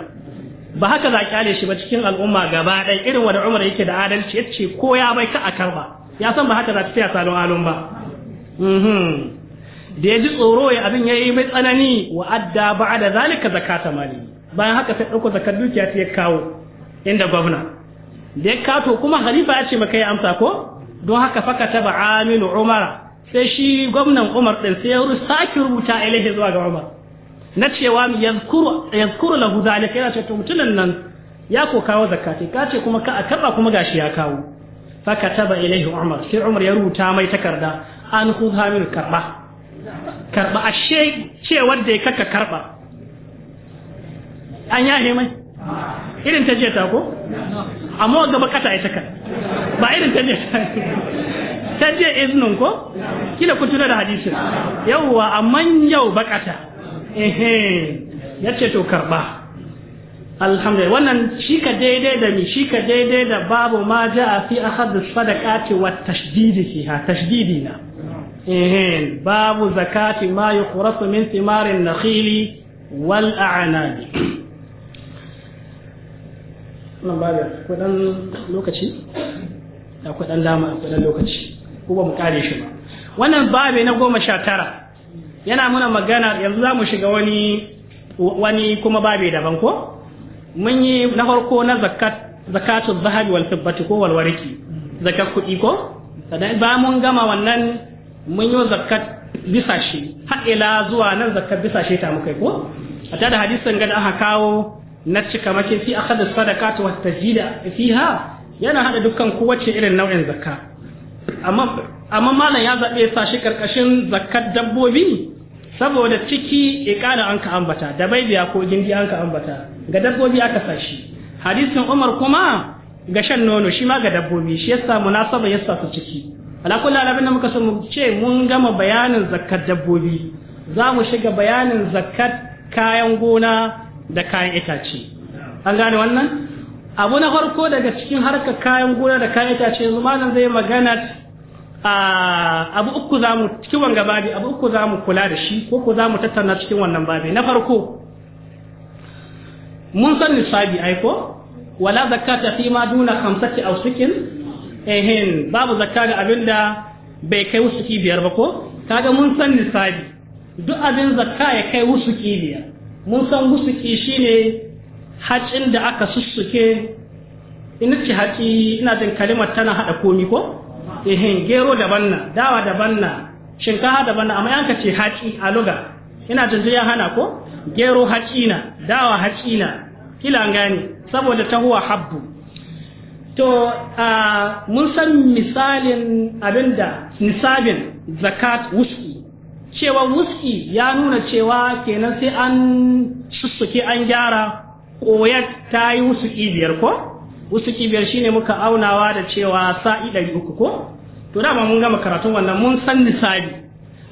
ba haka za kyale shi ba cikin al'umma gaba ɗaya irin wanda umar yake da adalci yace ko ya bai ka a ba ya san ba haka za ta tsaya salon alun ba mhm. da ya ji tsoro ya abin ya yi mai tsanani wa adda ba da zalika zakata mali bayan haka sai ɗauko zakar dukiya ta ya kawo inda gwamna da ya kato kuma halifa ya ce maka ya amsa ko don haka faka ba aminu umara sai shi gwamnan Umar ɗin sai ya sake rubuta ilaihi zuwa ga Umar na cewa ya zukuru yazkuru lahu zalika yana ce to nan ya ko kawo zakati ce kuma ka a karba kuma gashi ya kawo fa taba ilaihi Umar sai Umar ya rubuta mai takarda an khudha min karba karba ashe ce wanda ya kaka karba an yahe mai irin ta jiya ta ko amma gaba kata ita kan ba irin ta jiya ta jiya iznin ko kila ku tuna da hadisin yawwa amma yau bakata ehe ce to karba alhamdulillah wannan shi ka daidai da mi shi ka daidai da babu ma a fi ahad sadaqati wa tashdidi ha tashdidi na ehe babu zakati ma yukhrasu min thimarin nakhili wal a'nabi Wannan ba da kudan lokaci da kudan dama da kudan lokaci ko ba mu kare shi ba wannan babi na goma sha tara yana muna magana yanzu za mu shiga wani wani kuma babi daban ko mun yi na farko na zakat zakatun zahabi wal fibbati ko wal wariki zakat kudi ko sannan ba mun gama wannan mun yi zakat bisa shi har ila zuwa nan zakat bisa shi ta mukai ko a tada hadisin ga da aka kawo na cika mace fi akhadha sadaqatu wa tajila fiha yana hada dukkan kowace irin nau'in zakka amma malam ya zabe sa shi karkashin zakkar dabbobi saboda ciki iqala an ka ambata da biya ko gindi an ka ambata ga dabbobi aka sashi hadisin Umar kuma ga shan nono shi ma ga dabbobi shi yasa munasaba yasa su ciki ala alabin da muka so mu ce mun gama bayanin zakkar dabbobi za mu shiga bayanin zakkar kayan gona da kayan itace an gane wannan abu na farko daga cikin harkar kayan gona da kayan itace yanzu ma zai magana a abu uku za mu cikin wanga babi abu uku za mu kula da shi ko ku za mu tattauna cikin wannan babi na farko mun san nisabi aiko wala zakata fi ma duna khamsati aw sukin ehin babu zakka ga abinda bai kai wusuki biyar ba ko kaga mun san nisabi duk abin zakka ya kai wusuki biyar mun san gusuki shine hacin da aka sussuke ina ce haci ina jin kalimar tana haɗa komi ko ehin gero daban banna, dawa daban banna, shinkafa daban banna. amma yanka ce haci a luga ina jin ya hana ko gero haci na dawa haci na kila gani saboda tahuwa habbu to mun san misalin abinda nisabin zakat wusu cewa wuski ya nuna cewa kenan sai an sussuke an gyara koyar ta yi wasu ibiyar ko ibiyar shi ne muka aunawa da cewa sa'i ɗari uku ko to dama mun gama karatun wannan mun san nisabi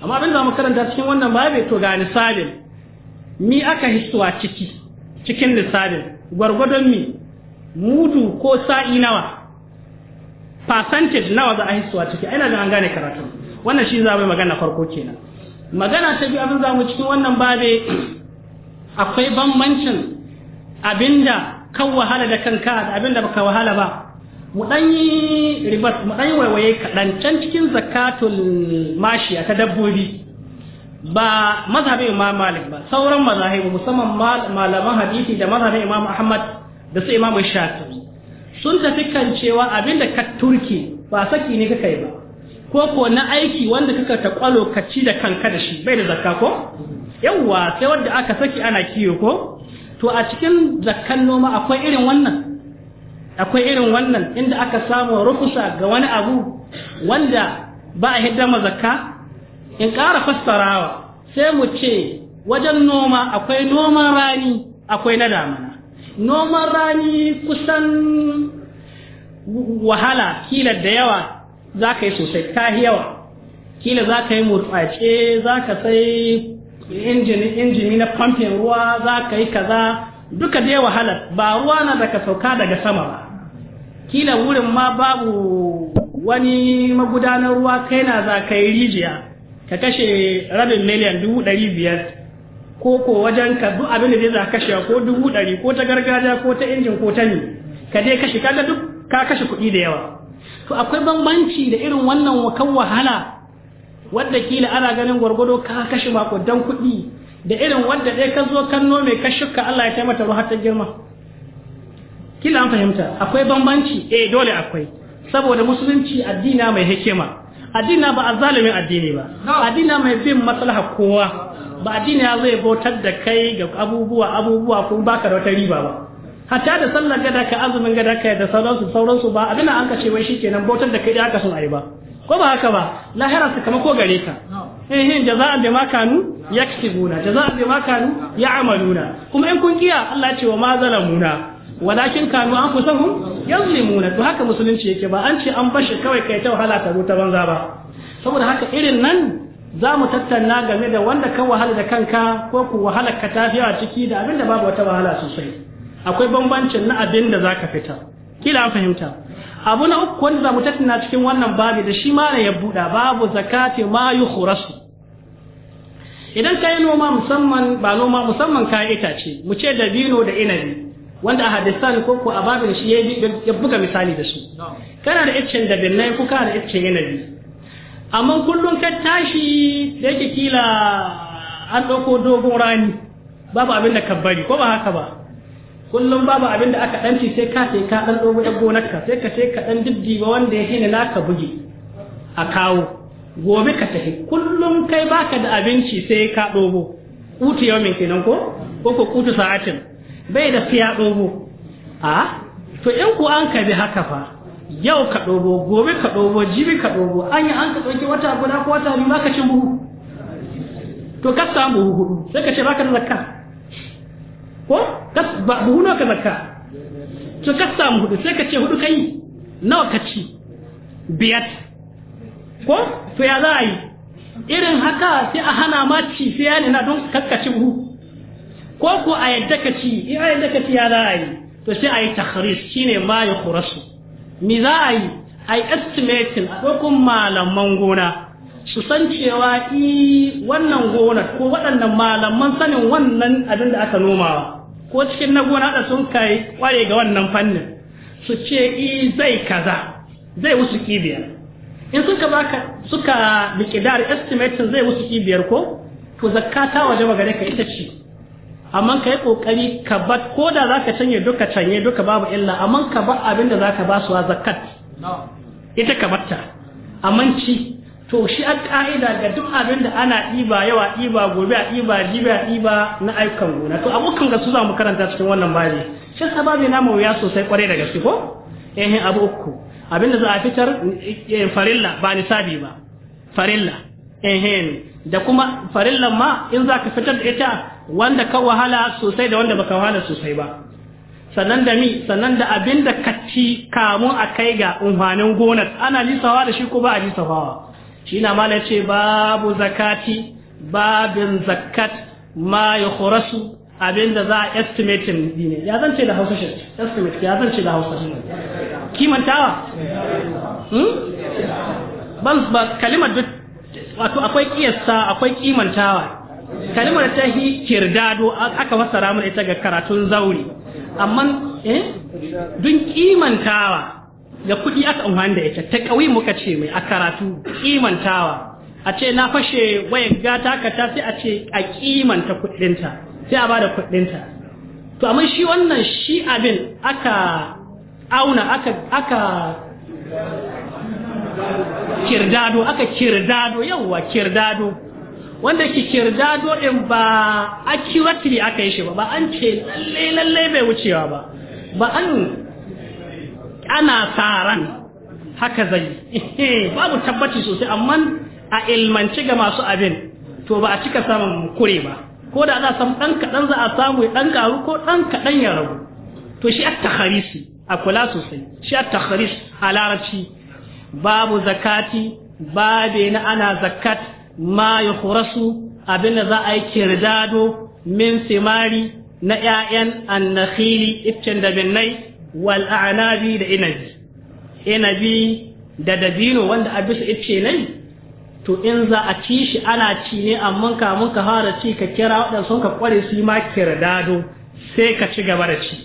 amma abin da mu karanta cikin wannan babu to ga nisabin mi aka hisuwa ciki cikin nisabin gwargwadon mi mudu ko sa'i nawa percentage nawa za a hisuwa ciki ina da an gane karatun wannan shi za bai magana farko kenan magana ta biyu abin zamu cikin wannan babe akwai bambancin abinda kan wahala da kanka da abinda baka wahala ba mu dan yi ribas mu dan waiwaye kaɗan can cikin zakatul mashi ta dabbobi ba mazhabin imam malik ba sauran mazahibu musamman malaman hadisi da mazhabin imam ahmad da su imam shafi'i sun tafi kan cewa abinda ka turke ba saki ne kai ba ko ko na aiki wanda kaka ta kwalo ka ci da kanka da shi bai da zakka ko yawwa sai wanda aka saki ana kiyo ko to a cikin zakkan noma akwai irin wannan akwai irin wannan inda aka samu rukusa ga wani abu wanda ba a hidda zakka in ƙara fassarawa sai mu ce wajen noma akwai noman rani akwai na damana noman rani kusan wahala kila da yawa za ka yi sosai ta yawa kila za ka yi murface za ka sai injini na famfin ruwa za ka yi kaza duka dai wahala ba ruwa na da ka sauka daga sama ba kila wurin ma babu wani magudanar ruwa kai na za ka yi rijiya ka kashe rabin miliyan dubu ɗari biyar ko ko wajen ka duk abin da zai za kashe ko dubu ɗari ko ta gargajiya ko ta injin ko ta ni ka dai kashe ga duk ka kashe kuɗi da yawa to akwai bambanci da irin wannan wakan wahala wadda kila ana ganin gwargwado ka kashe dan kuɗi da irin wadda ɗaya ka zo kan nome ka shuka Allah ya taimata ruwa ta girma kila an fahimta akwai bambanci eh dole akwai saboda musulunci addina mai hikima addina ba azalimin addini ba addina mai bin maslaha kowa ba addini ya zai bautar da kai ga abubuwa abubuwa kun baka da wata riba ba hatta da sallar gada ka azumin gada ka da sauransu sauransu ba abin an ka wai shikenan bautar da kai da aka son ayi ba ko ba haka ba lahira sakamako gare ka eh eh jaza'an bima kanu yaktibuna jaza'an bima kanu ya'maluna kuma in kun kiya Allah ya ce wa ma zalamuna walakin kanu anfusahum yazlimuna to haka musulunci yake ba an ce an bashi kawai kai ta wahala ta ta banza ba saboda haka irin nan za mu tattauna game da wanda ka wahala da kanka ko ku wahala ka tafiya ciki da abinda babu wata wahala sosai akwai bambancin na abin da ka fita kila an fahimta abu na uku wanda za mu tattuna cikin wannan babi da shi mana ya buɗa babu zakati ma yukhrasu idan ka yi noma musamman ba noma musamman kayan itace mu ce da bino da inabi wanda a hadistan ko ko a babin shi ya buga misali da su kana da iccen dabinai ko kana da iccen inabi amma kullum ka tashi da yake kila an ɗauko dogon rani babu abin da ka bari ko ba haka ba kullum babu abin da aka ɗanci sai ka sai ka ɗan ɗogo ɗan gonarka sai ka sai ka ɗan diddiba wanda ya hina naka buge a kawo gobe ka tafi kullum kai baka da abinci sai ka ɗogo kutu yau min kenan ko ko ko kutu sa'atin bai da fiya ɗogo a to in ku an ka bi haka fa yau ka ɗogo gobe ka ɗogo jibi ka ɗogo an yi an ka ɗauki wata guda ko wata biyu ka cin buhu to ka samu buhu hudu sai ka ce baka da zakka ko ba buhu nawa ka zakka to ka samu hudu sai ka ce hudu kai nawa ka ci biyar ko to ya za a yi irin haka sai a hana ma ci sai ya na don kakkaci buhu ko ko a yadda ka ci in a yadda ka ci ya za a yi to sai a yi shine ma ya su. me za a yi a yi estimating a ɗaukun malaman gona su san cewa i wannan gonar ko waɗannan malaman sanin wannan abin da aka nomawa ko cikin na gona da sun kai kware ga wannan fannin su ce i zai kaza zai wusu kibiyar in suka baka suka bikidar estimatin zai wusu kibiyar ko to zakkata waje magare ka ita ce amma ka yi ƙoƙari ka ba ko da za ka canye duka canye duka babu illa amma ka ba abin da za ka ba su a zakkat ita ka batta amma ci to shi a ka'ida ga duk abin da ana ɗiba yawa ɗiba gobe a ɗiba jibi a ɗiba na aikan gona to abokan ga su za mu karanta cikin wannan babi shi sababi na mu wuya sosai kwarai da gaske ko eh abu uku abin da za a fitar eh, farilla ba sabi ba farilla eh da kuma farillan ma in za ka fitar da ita wanda ka wahala sosai da wanda baka wahala sosai ba sannan da mi sannan da abin da ka ci kamun a kai ga umfanin gonar ana lisawa da shi ko ba a lisawa shi na mala ce babu zakati babin zakat ma ya horasu abinda za a estimate dine ya zan ce da hausa shi estimate ya zan ce da hausa shi kimantawa hmm? ban ba kalimar duk wato akwai kiyasta akwai kimantawa kalimar ta hi kirdado aka fassara mu ita ga karatun zauri amma eh dun kimantawa Da kuɗi aka amfani da ita ta ƙauyi muka ce mai a karatu ƙimantawa. a ce na fashe wayan gata ka ta sai a ce a kimanta kuɗinta sai a ba da kuɗinta to amma shi wannan shi abin aka auna aka aka kirdado aka kirdado yawwa kirdado wanda ki kirdado din ba accurately aka yi shi ba ba an ce lallai-lallai bai wucewa ba ba an ana saran haka zai babu tabbaci sosai amma a ilmanci ga masu abin to ba a cika samun kure ba ko da za a samu ɗan kaɗan za a samu ya ɗan ƙaru ko ɗan kaɗan ya rabu to shi a harisi a kula sosai shi a haris a babu zakati babu na ana zakat ma ya hurasu abin da za a yi kirdado min simari na ‘ya'yan annahili ibcin da binnai wal a'nabi da inabi inabi da dabino wanda a bisa ce ne to in za a ci shi ana ci ne amma kamun ka fara ci ka kira waɗanda sun ka kware su yi ma dado sai ka ci gaba da ci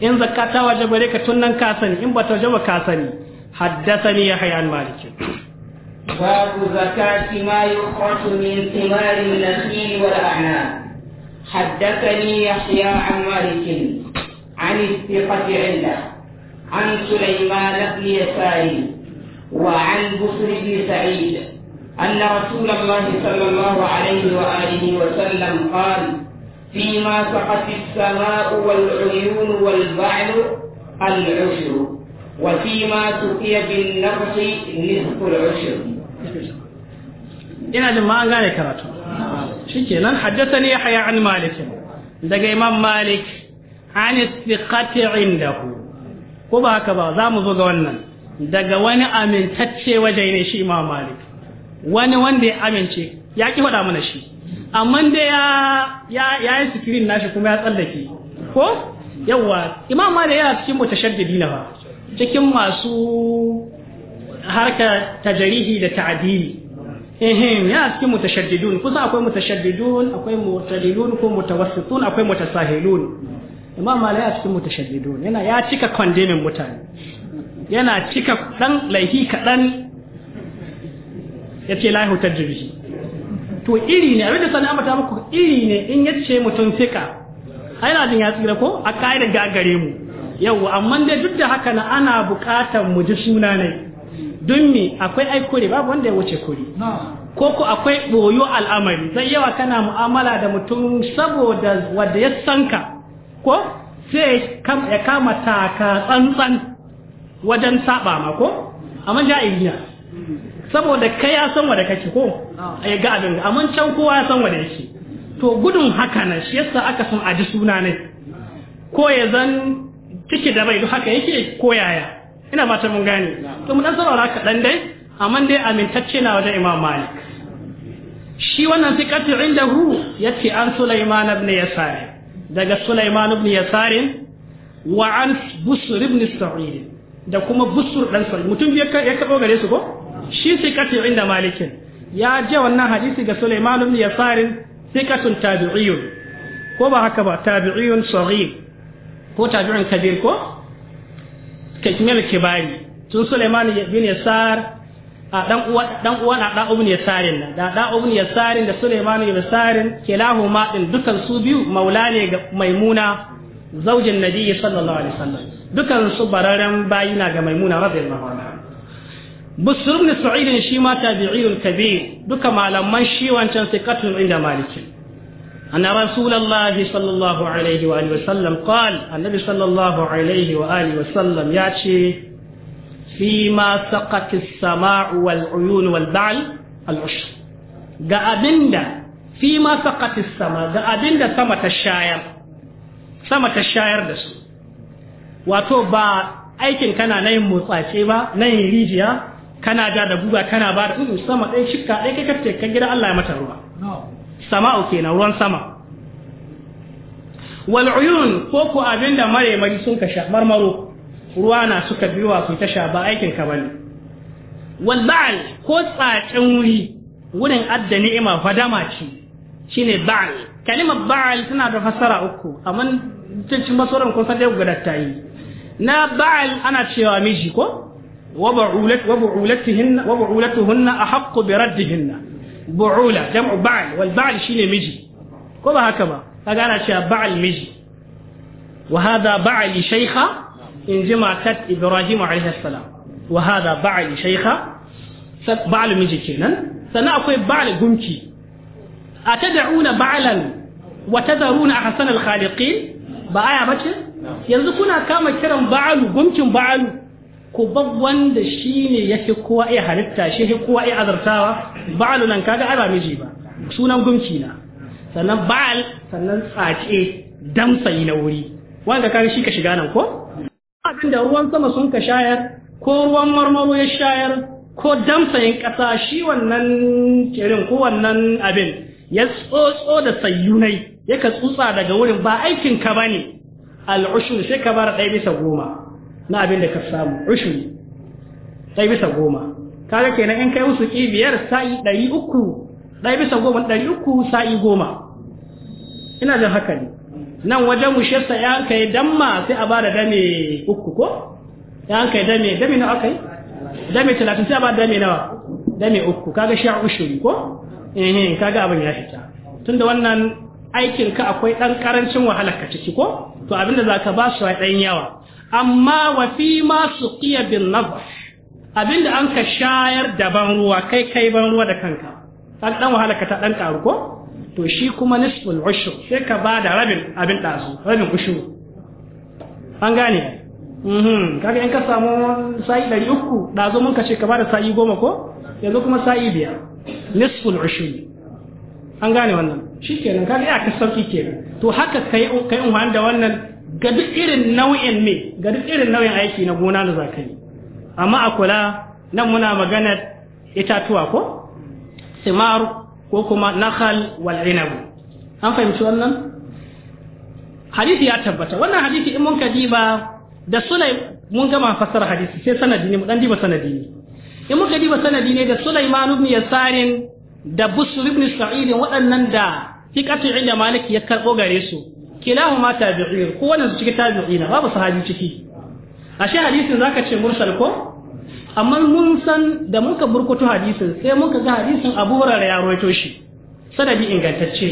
in zakka ta waje bare ka tun nan ka sani in ba ta waje ba ka sani haddasani ya hayan maliki ma زكاة ما يخرج من ثمار النخيل Haddasa حدثني يحيى an مالك عن الثقة عنده عن سليمان بن يساري وعن بصر بن سعيد أن رسول الله صلى الله عليه وآله وسلم قال فيما سقت السماء والعيون والبعل العشر وفيما سقي بالنفس نصف العشر ina ما قال an شكرا حدثني يحيى عن مالك دقي إمام مالك an istiqati indahu ko ba haka ba za mu zo ga wannan daga wani amintacce waje ne shi imam malik wani wanda ya amince ya ki faɗa mana shi amma da ya ya yi sikirin nashi kuma ya tsallake ko yawa imam malik yana cikin mutashaddidi na ba cikin masu harka tajrihi da ta'dili ehem ya cikin mutashaddidun kusa akwai mutashaddidun akwai mu'tadilun ko mutawassitun akwai mutasahilun imam malik a cikin mutashaddidun yana ya cika kwandemin mutane yana cika dan laifi kaɗan yace ce lahi jirgi to iri ne abinda sani ambata muku iri ne in yace ce mutum fika ai na jin ya tsira ko a ƙa'idar gagare mu yau amma dai duk da haka na ana buƙatar mu ji suna ne don me akwai ai kore babu wanda ya wuce kore ko ko akwai boyo al'amari zai yawa kana mu'amala da mutum saboda wanda ya sanka ko sai ya kama taka tsantsan wajen saba ma ko amma ja'iliya saboda kai ya san wanda kake ko ah. ya ga abin amma can kowa ya san wanda yake to gudun haka nan shi yasa aka san aji suna ne ko ya zan ciki da bai haka yake ko yaya ina ta mun gane to mun dan saurara ka dan dai amma dai amintacce na wajen Imam Malik shi wannan fiqatu indahu yace an Sulaiman ibn Yasari daga Sulaiman ibn Yasarin wa an Busr ibn Sa'id da kuma Busr dan Sa'id mutum biya ya kabo gare su ko shi sai ka sikatu inda malikin ya je wannan hadisi ga Sulaiman ibn Yasarin sikatun tabi'iyun ko ba haka ba tabi'iyun saghir ko tabi'un kabir ko kakmil kibari tun Sulaiman ibn Yasar a dan uwan dan uwa na da ibn yasarin da da ibn yasarin da sulaiman ibn yasarin kilahuma din dukan su biyu maula ne ga maimuna zaujin nabiyyi sallallahu alaihi wasallam dukan su bararren bayina ga maimuna radiyallahu anha busur ibn su'id shi ma tabi'iyul kabir duka malaman shi wancan sikatun inda maliki أن رسول الله صلى الله عليه وآله وسلم قال النبي صلى الله عليه وآله وسلم ياتي fima saqati as-sama'u wal uyun wal ba'l al ushr ga abinda ma saqati sama ga abinda sama ta shayar sama ta shayar da su wato ba aikin kana nayin motsace ba nayi rijiya kana ja da buga kana ba da uku sama dai shikka dai kai kafte kan gida Allah ya mata ruwa sama'u kenan ruwan sama wal uyun ko ku abinda mare mari sun kasha marmaro ruwa na suka biwa ku tasha ba aikin ka bane wal ba'al ko tsacin wuri wurin adda ni'ima fadama ce shine ba'al kalimar ba'al suna da fassara uku amma cikin masoran kun san dai guda ta yi na ba'al ana cewa miji ko wa bu'ulat wa bu'ulatihinna wa bu'ulatuhunna ahaqqu bi raddihinna bu'ula jam'u ba'al wal ba'al shine miji ko ba haka ba kaga ana cewa ba'al miji wa hadha ba'ali in ji matar ibrahim alaihissalam wa hada ba'al shaykha ba'al miji kenan sannan akwai ba'al gunki a ta tad'una ba'alan wa tadharuna ahsan al-khaliqin ba aya ce yanzu kuna kama kiran ba'alu gunkin ba'alu ku shi ne ya fi kowa iya halitta shi yake kowa iya azartawa ba'alu nan kaga ai ba miji ba sunan gunki na sannan ba'al sannan tsace damsayi na wuri wanda kaga shi ka shiga nan ko abin da ruwan sama sun ka shayar ko ruwan marmaro ya shayar ko damsayin ƙasa shi wannan cirin ko wannan abin ya tsotso da sayyunai ka tsutsa daga wurin ba aikin ka bane al'ushur sai ka bar ɗaya bisa goma na abin da ka samu ushur ɗaya bisa goma kaga kenan in kai musu biyar sa'i ɗari uku ɗaya bisa goma ɗari uku sa'i goma ina jin haka ne nan wajen mushassa ya kai damma sai a bada dame uku ko ya kai dame dame na aka yi? dame talatin sai a da dame nawa dame uku kaga sha ushuri ko eh kaga abin ya fita tunda wannan aikin ka akwai dan karancin wahalar ka ciki ko to abinda ka ba su dan yawa amma wa fi ma ƙiya bin Abin abinda an ka shayar da ban ruwa kai kai ban ruwa da kanka dan wahalar ka ta dan karu ko to shi kuma nisful ushur sai ka ba da rabin abin ɗazu rabin ushur an gane mhm kaga in ka samu sa'i ɗari uku ɗazu mun ka ce ka ba da sa'i goma ko yanzu kuma sa'i biya. nisful ushur an gane wannan shi kenan kaga ya ka sauki kenan to haka kai kai in da wannan ga duk irin nau'in me ga duk irin nau'in aiki na gona da zakai amma a kula nan muna maganar itatuwa ko Simaru. ko kuma nahal wal inabu an fahimci wannan hadisi ya tabbata wannan hadisi in mun kadiba da sulai mun gama fasara hadisi sai sanadi ne mu dan diba sanadi ne in muka diba sanadi ne da Sulaiman ibn Yasarin da Busr ibn Sa'id waɗannan da fiqatu inda Maliki ya karbo gare su kilahu ma tabi'in ko wannan su cikin tabi'ina babu sahabi ciki ashe hadisin zaka ce mursal ko amma mun san da muka burkutu hadisin sai muka ga hadisin abu hurara ya rawaito shi sanadi ingantacce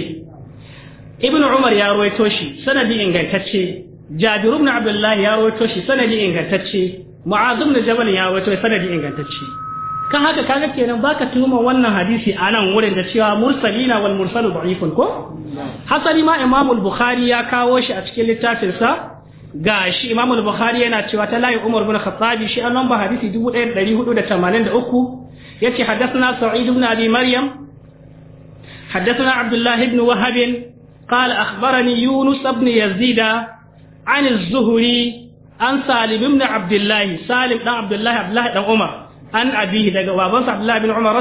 ibn umar ya rawaito shi sanadi ingantacce jabir ibn abdullah ya rawaito shi sanadi ingantacce mu'adh ibn jabal ya rawaito sanadi ingantacce kan haka kaga kenan baka tuhuma wannan hadisi a nan wurin da cewa mursalina wal mursalu da'ifun ko hasali ma imam al-bukhari ya kawo shi a cikin littafinsa ga shi imamu al-bukhari yana cewa ta layi umar bin khattabi shi annan ba hadisi 1483 yace hadathana sa'id ibn abi maryam hadathana abdullah ibn wahab qala akhbarani yunus ibn yazid an az-zuhri an salim ibn abdullah salim dan abdullah abdullah dan umar an abihi daga baban sa abdullah ibn umar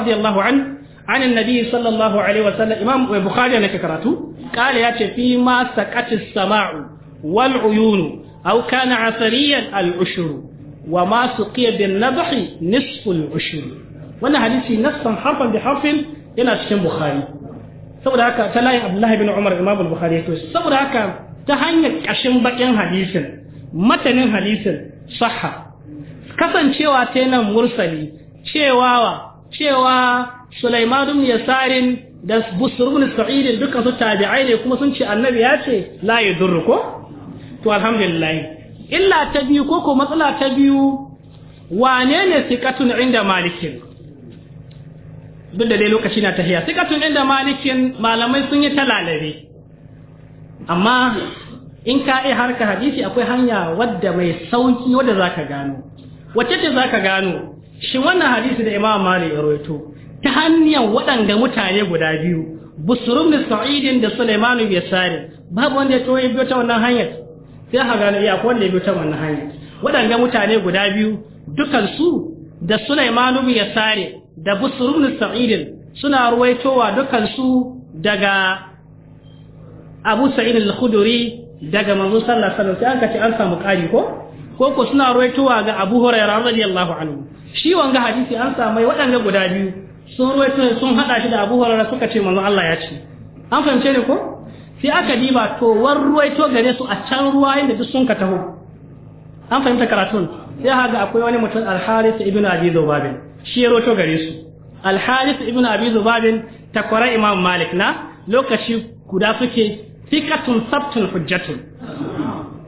an an annabi sallallahu alaihi wa sallam imamu al-bukhari yana karatu qala yace fi ma saqati as-sama'u والعيون أو كان عثريا العشر وما سقي بالنبح نصف العشر وانا حديثي نصا حرفا بحرف yana cikin bukhari saboda haka ta layin abdullahi bin umar imam bukhari ya toshi saboda haka ta hanyar ƙashin bakin hadisin matanin hadisin sahha kasancewa ta nan mursali cewa wa cewa sulaiman ibn yasarin da busr ibn sa'id dukkan su tabi'ai ne kuma sun ce annabi ya ce la yadurru ko to alhamdulillah illa ta biyu ko ko matsala ta biyu wane ne sikatun inda malikin duk da dai lokaci na tahiya sikatun inda malikin malamai sun yi talalare amma in ka iya harka hadisi akwai hanya wadda mai sauki wadda za ka gano wacce ce za ka gano shi wannan hadisi da imam malik ya rawaito ta hanyar waɗanda mutane guda biyu busurum da sa'idin da Suleimanu bai sare babu wanda ya toye biyo ta wannan hanyar sai ha gano eh, iya wanda ya bi ta wannan hanya waɗanda mutane guda biyu su da Sulaiman ibn Yasari da Busr ibn Sa'id suna ruwaitowa su daga Abu Sa'id al-Khudri daga manzo sallallahu alaihi wasallam sai an kace an samu ƙari ko ko ko suna ruwaitowa ga Abu Hurairah radiyallahu anhu shi wanga hadisi an samu waɗanda guda biyu sun ruwaito sun hada shi da Abu Hurairah suka ce manzo Allah ya ce an fahimce ni ko sai aka diba to ruwai to gare su a can ruwa inda duk sun ka taho an fahimta karatun sai haga akwai wani mutum al ibn Abi Zubabin shi ya roto gare su al ta ibn Abi Zubabin takwara Imam Malik na lokaci guda suke fikatun sabtun hujjatun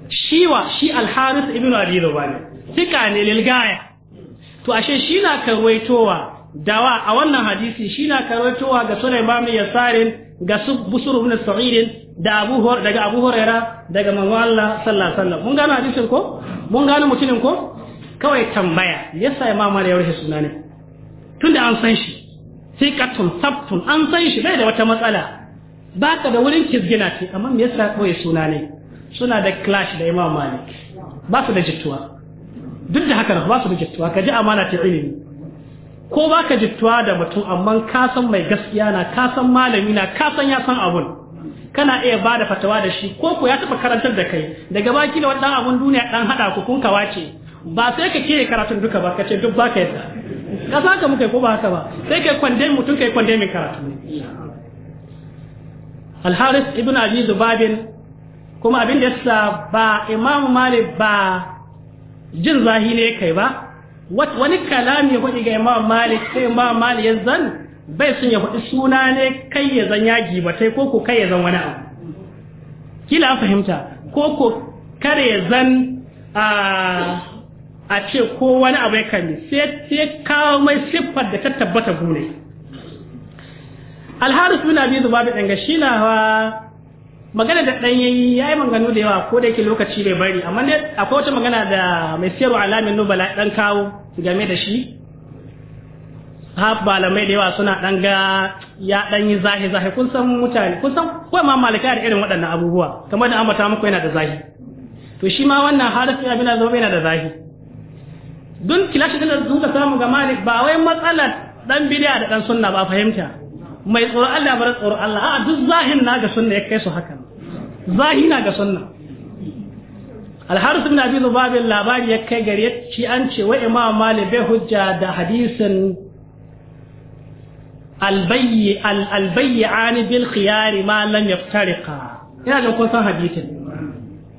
shiwa shi al-Harith ibn Abi Zubabin fika ne lilgaya to ashe shi na karwaitowa dawa a wannan hadisi shi na karantowa ga sunan imam sarin ga busur ibn sa'id da abu daga abu horaira daga manzo Allah sallallahu alaihi wasallam mun gano hadisin ko mun gano mutumin ko kawai tambaya yasa imam ya rufe suna ne tunda an san shi thiqatun sabtun an san shi bai da wata matsala baka da wurin kizgina ce amma me yasa kawai suna ne suna da clash da imam malik ba su da jittuwa duk da haka ba su da jittuwa ka ji amana ta ilimi ko baka jittuwa da mutum amma ka san mai gaskiya na ka san malami na ka san ya san abun kana iya ba da fatawa da shi ko ko ya taba karantar da kai daga baki da wannan abun duniya dan hada ku kun kawace ba sai ka kire karatun duka ba ka ce duk baka yadda ka ka muke ko ba haka ba sai kai kwande mutum kai kwande mai karatu Al-Haris ibn Abi zubabin kuma abin da yasa ba Imam Malik ba jin zahi ne kai ba wani kalami ya faɗi ga imam malik sai imam malik ya zan bai sun ya faɗi suna ne kai ya zan yagi ba sai ko ko kai ya zan wani abu kila an fahimta ko ko kare ya zan a a ce ko wani abu ya kalli sai kawo mai siffar da ta tabbata gune alharis bin abi zubabi ɗanga shi na magana da ɗan yayi ya yi maganganu da yawa ko da yake lokaci bai bari amma ne akwai wata magana da mai siyarwa alamin nubala ɗan kawo game da shi har malamai da yawa suna ɗan ga ya ɗan yi zahi zahi kun san mutane kun san kawai ma malaka da irin waɗannan abubuwa kamar da ambata muku yana da zahi to shi ma wannan harfi abin da zama yana da zahi don kilashi da zuka samu ga malik ba wai matsalar ɗan bidiya da ɗan sunna ba fahimta mai tsoro Allah bar tsoro Allah a duk zahin na ga sunna ya kai su haka zahina ga sunna alharis ibn abi lubabin labari ya kai gari ci an ce wa imam malik bai hujja da hadisin albayyani bil khiyari ma lam yaftariqa ina da kun san hadisin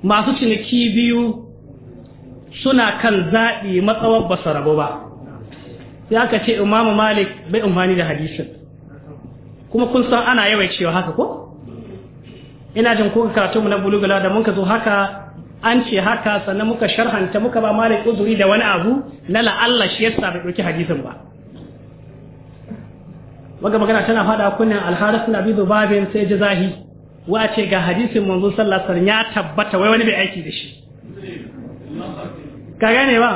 masu ciniki biyu suna kan zaɓi matsawar ba rabu ba sai aka ce imamu malik bai umfani da hadisin kuma kun san ana yawai cewa haka ko ina jin kuka karatu mu na bulugula da mun ka zo haka an ce haka sannan muka sharhanta muka ba malik uzuri da wani abu na la'alla shi yasa bai dauki hadisin ba waga magana tana fada kunnen alharis na bizu babin sai ji zahi wa ga hadisin manzo sallallahu alaihi ya tabbata wai wani bai aiki da shi ka gane ba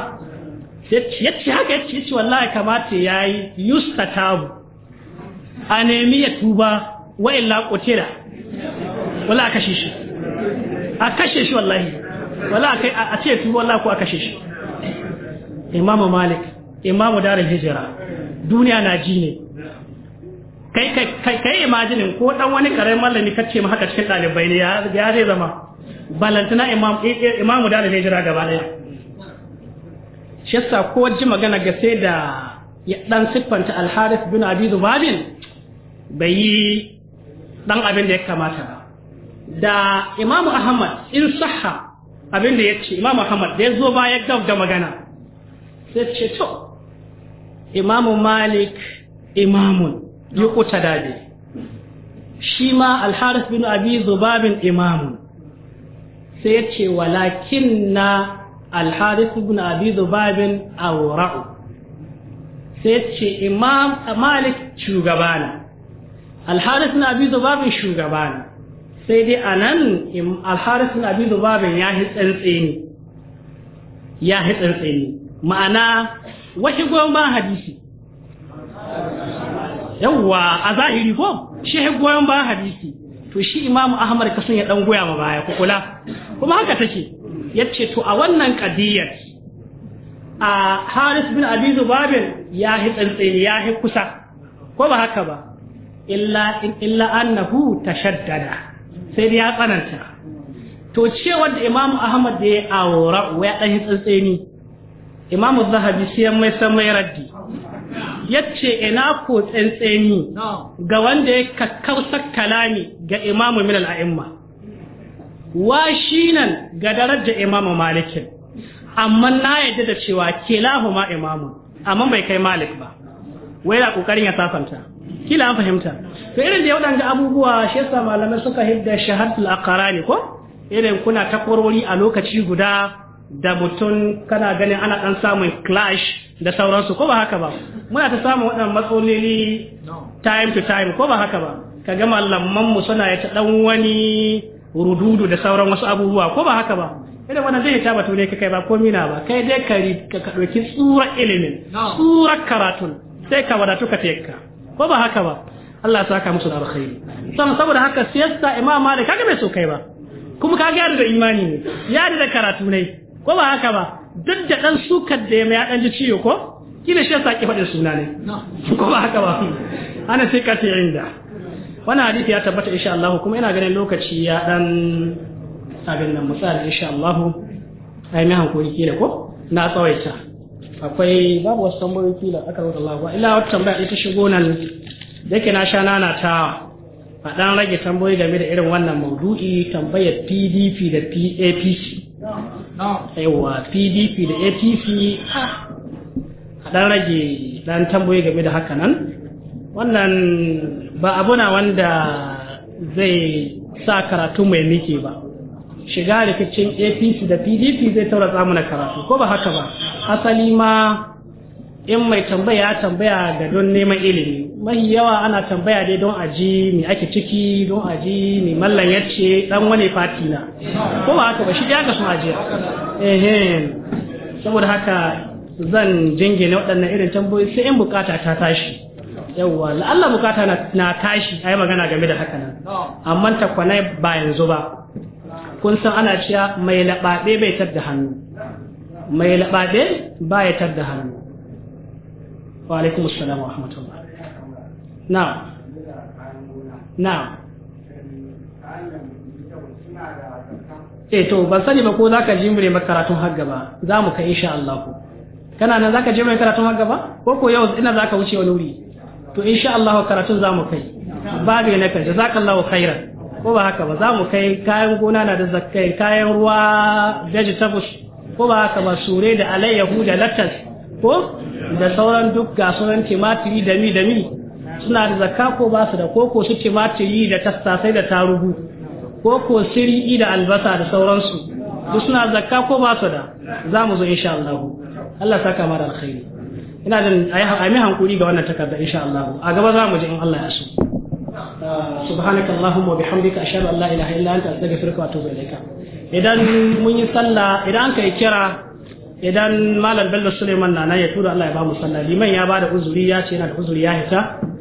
yace haka yace yace wallahi kamata yayi yustatabu a nemi ya tuba wa illa qutila wala a kashe shi a kashe shi wallahi wala a ce su wala ko a kashe shi imamu malik imamu darin hijira duniya na ji ne kai kai imajinin ko dan wani karai malami kacce ma haka cikin dalibai ne ya zai zama balantana imam imamu da hijira gaba daya shi ko ji magana ga sai da ya dan siffanta Alharif, bin Abi Dhubabin bai yi dan abin da ya kamata ba da imamu ahmad in sahha abinda ya ce imamu ahmad da ya zo ba ya gab da magana sai ce to imamu malik imamun ya kuta dabe shi ma alharis bin abi zubabin imamun sai ya ce walakin na alharis bin abi zubabin aura'u sai ya ce imam malik shugabana alharis na abi zubabin shugabana sai dai a nan alharisun abin zubabin ya hi tsantseni ya hi tsantseni ma'ana washi goyon bayan hadisi yawwa a zahiri ko shi hi goyon bayan hadisi to shi imamu ahmad kasan ya dan goya ma baya kukula kula kuma haka take yace to a wannan kadiyar a haris bin abi zubabin ya hi tsantseni ya hi kusa ko ba haka ba illa annahu tashaddada sai dai ya tsananta to ce da imam ahmad da ya awora ya dan yi tsantseni imam zahabi sai ya mai san mai raddi yace ina ko tsantseni ga wanda ya kakkausar kalami ga imamu min al'a'imma wa nan, ga darajar imamu malikin amma na yadda da cewa ke ma imamu amma bai kai malik ba wai da kokarin ya sasanta kila an fahimta to irin da waɗanda abubuwa shi yasa malamai suka hidda shahadul aqrani ko irin kuna takwarori a lokaci guda da mutum kana ganin ana ɗan samun clash da sauransu ko ba haka ba muna ta samun waɗannan matsaloli time to time ko ba haka ba ka ga malaman mu suna ya ta ɗan wani rududu da sauran wasu abubuwa ko ba haka ba irin wannan zai ta batu ne ka kai ba ko mina ba kai dai ka ka ɗauki tsura ilimin tsura karatun sai ka wadatu ka teka ko ba haka ba Allah ya saka musu da alkhairi san saboda haka siyasa Imam Malik kaga bai so kai ba kuma kaga yadda da imani ne ya da karatu ne ko ba haka ba duk da dan sukar da ya dan ji ciyo ko kina shi yasa ki faɗin suna ne ko ba haka ba ana sai ka ce inda wannan hadisi ya tabbata insha Allah kuma ina ganin lokaci ya dan abin nan misali insha Allah ai mai hankuri kila ko na tsawaita akwai babu wasu tambayoyi kila aka rubuta Allah ba illa wata tambaya ita shigo nan Dake na sha nana ta a ɗan rage tambayoyi game da irin wannan maudu'i tambayar pdp da apc Aiwa pdp da apc a ɗan rage ɗan tamboyi game da haka nan wannan ba abuna wanda zai sa karatu mai miki ba shiga rikicin apc da pdp zai taura tsamuna karatu ko ba haka ba asali ma in mai tambaya tambaya ga don neman ilimi mahi yawa ana tambaya dai don aji mai ake ciki don aji me mallan yace dan wane fati na ko ba haka ba shi ya ga sun ajiya eh saboda haka zan jingine waɗannan irin tambayoyi sai in bukata ta tashi yawwa la'alla bukata na tashi a yi magana game da haka nan amma takwana ba yanzu ba kun san ana cewa mai laɓaɓe bai tar hannu mai laɓaɓe ba ya tar hannu wa alaikum wa rahmatullah na na eh to ban sani ba ko za ka ji mure makaratun har gaba za mu kai insha Allah ko kana nan za ka je karatun har gaba ko ko yau ina za ka wuce wani wuri to insha Allah karatun za mu kai babu ne kan jazakallahu khairan ko ba haka ba za mu kai kayan gona na da zakkai kayan ruwa vegetables ko ba haka ba sure da alayyahu da latas ko da sauran duk ga sauran timatiri da mi da mi suna da zakka ko ba su da koko su timatiri da tattasai da tarugu koko siri da albasa da sauransu duk suna zakka ko ba su da za mu zo insha Allah Allah saka mara alkhairi ina da a yi hankuri ga wannan takarda insha Allah a gaba za mu ji in Allah ya so ah, subhanaka allahumma wa bihamdika ashhadu an la ilaha illa anta astaghfiruka wa atubu ilaika idan mun yi sallah idan kai kira idan malam bello suleiman na ya tura allah ya ba mu sallah liman ya ba da uzuri ya ce yana da uzuri ya hita